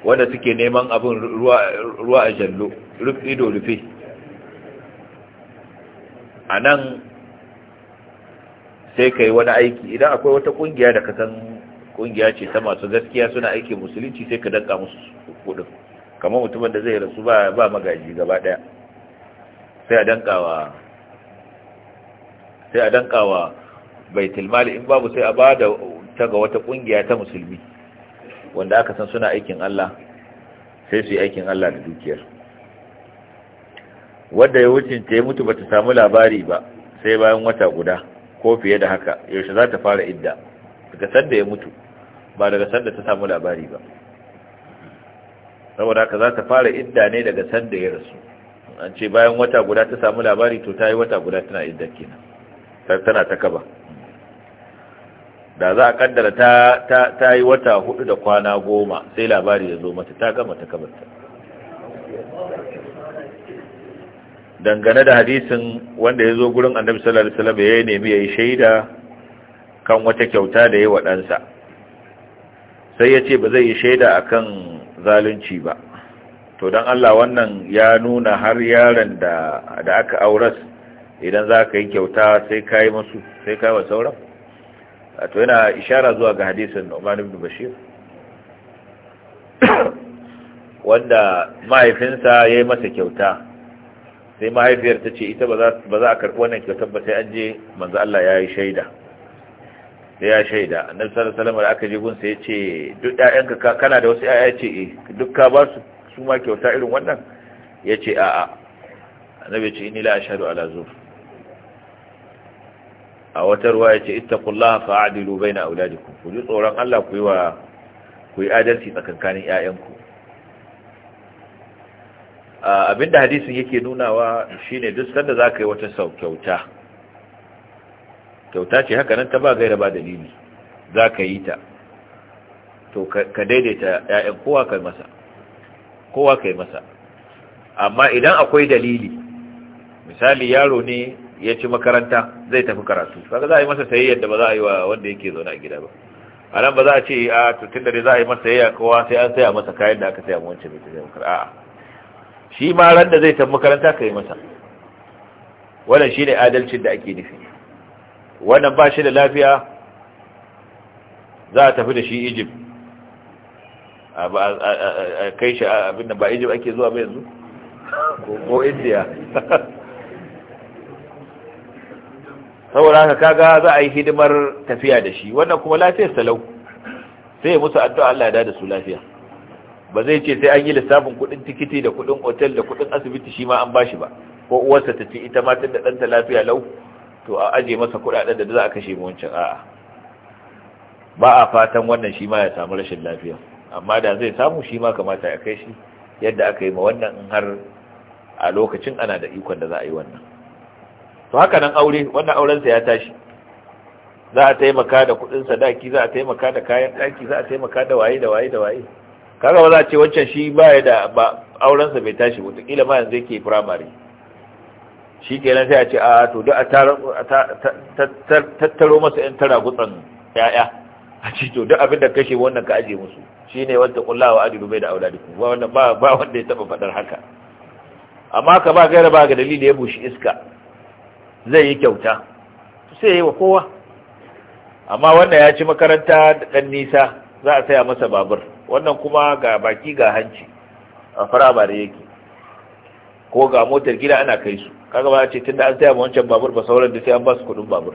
wanda suke neman abin ruwa a jallo rufi do rufi a nan sai ka wani aiki idan akwai wata kungiya da ka san kungiya ce ta masu gaskiya suna aiki musulunci sai ka danka musu kudin kamar mutumin da zai rasu ba ba magaji gaba daya sai a dankawa sai a dankawa baitul mali in babu sai a bada ta ga wata kungiya ta musulmi wanda aka san suna aikin Allah sai su yi aikin Allah da dukiyar wanda ya wucin ta mutu bata samu labari ba sai bayan wata guda ko fiye da haka yaushe za ta fara idda daga sanda ya mutu ba daga sanda ta samu labari ba saboda ka za ta fara idda ne daga sanda ya rasu an ce bayan wata guda ta samu labari to ta yi wata guda tana idda kenan tana ta kaba da za a kaddara ta ta yi wata hudu da kwana goma sai labari ya zo mata ta gama ta kabarta dangane da hadisin wanda ya zo gurin annabi sallallahu alaihi wasallam ya nemi yayi shaida kan wata kyauta da yayi wa ɗansa sai ya ce ba zai yi shaida akan zalunci ba to don Allah wannan ya nuna har yaron da aka auras idan za ka yi kyauta sai ka yi masu sai ka wa sauran to yana ishara zuwa ga hadisin umar ibn Bashir *coughs* wanda mahaifinsa ya yi masa kyauta sai mahaifiyar ta ce ita ba za a karɓi wannan kyautar ba sai an je manzo Allah ya yi shaida da ya shaida annabi sallallahu alaihi wasallam aka je gunsa yace duk ƴaƴanka kana da wasu ƴaƴa ce eh duk ka ba su su ma kyauta irin wannan yace a a annabi yace inni la ashhadu ala zur a wata ruwa yace ittaqullaha fa'adilu baina auladikum ku ji tsoron Allah ku yi wa ku yi adalci tsakankanin ƴaƴanku abinda hadisin yake nunawa shine duk sanda zaka yi wata kyauta kyauta ce haka nan ta ba gaira ba dalili za ka yi ta to ka daidaita ‘ya'yan kowa kai masa kowa kai masa amma idan akwai dalili misali yaro ne ya ci makaranta zai tafi karatu kaga za a yi masa sayayyar da ba za a yi wa wanda yake zaune a gida ba a nan ba za a ce a tutun da za a yi masa sayayya kowa sai an saya masa kayan da aka saya mu wancan bai tafi a'a shi ma ran da zai tafi makaranta ka yi masa wannan shine adalcin da ake nufi wannan ba shi da lafiya za a tafi da shi ijib a kai shi abinda ba ijib ake zuwa ba yanzu ko indiya. saboda haka kaga za a yi hidimar tafiya da shi wannan kuma lafiyar salau sai ya musu addu'a Allah ya da su lafiya ba zai ce sai an yi lissafin kudin tikiti da kudin otel da kudin asibiti shi ma an bashi ba ko uwarsa ta ce ita ma tun da ɗanta lafiya lau to a aje masa kudaden da za a kashe wancan a'a ba a fatan wannan shi ma ya samu rashin lafiya amma da zai samu shi ma kamata ya kai shi yadda aka yi ma wannan in har a lokacin ana da ikon da za a yi wannan to haka nan aure wannan aurensa ya tashi za a taimaka da kudin sadaki za a taimaka da kayan daki za a taimaka da waye da waye da waye kaga ba za a ce wancan shi baya da ba aurensa bai tashi wata kila ma yanzu yake primary shi kenan sai a ce a ah, to duk a tattaro masa yan tara gutsan ya'ya a ce to duk abin kashe wannan ka aje musu shi ne wanda wa adilu bai da aula ba ba wanda ya taba fadar haka amma ka ba gaira ba ga dalili ya bushi iska zai yi kyauta sai yi wa kowa amma wannan ya ci makaranta da dan nisa za a saya masa babur wannan kuma ga baki ga hanci a fara bare yake ko ga motar gida ana kai su kaga ba ce tunda an saya ma wancan babur ba sauran da sai an ba su kudin babur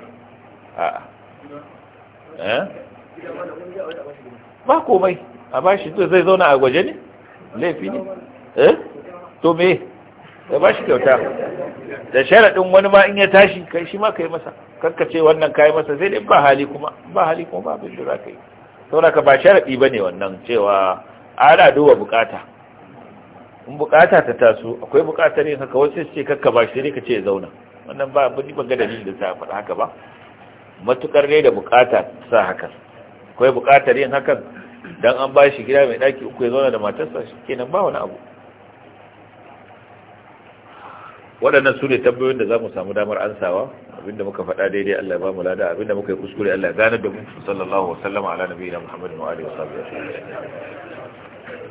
a'a eh? ba komai a ba shi zai zauna a gwaje ne laifi ne eh to me ya ba shi kyauta da sharaɗin wani ma in ya tashi kai shi ma ka yi masa karkace wannan ka yi masa sai dai ba hali kuma ba hali kuma ba abin jura ka yi sauraka ka ba sharaɗi ba ne wannan cewa ana duba bukata in bukata ta taso akwai bukatar yin haka wasu ce kakka ba shi ne ka ce zauna wannan ba abin ba ga dalilin da ta faɗa haka ba matukar ne da bukata sa haka akwai bukatar yin hakan dan an ba shi gida mai daki uku ya zauna da matarsa kenan ba wani abu waɗannan su ne tambayoyin da za mu samu damar ansawa abinda muka faɗa daidai Allah ba mu lada abinda muka yi kuskure Allah ya gane da mu sallallahu alaihi wa sallam ala nabiyina Muhammadin wa alihi wa sahbihi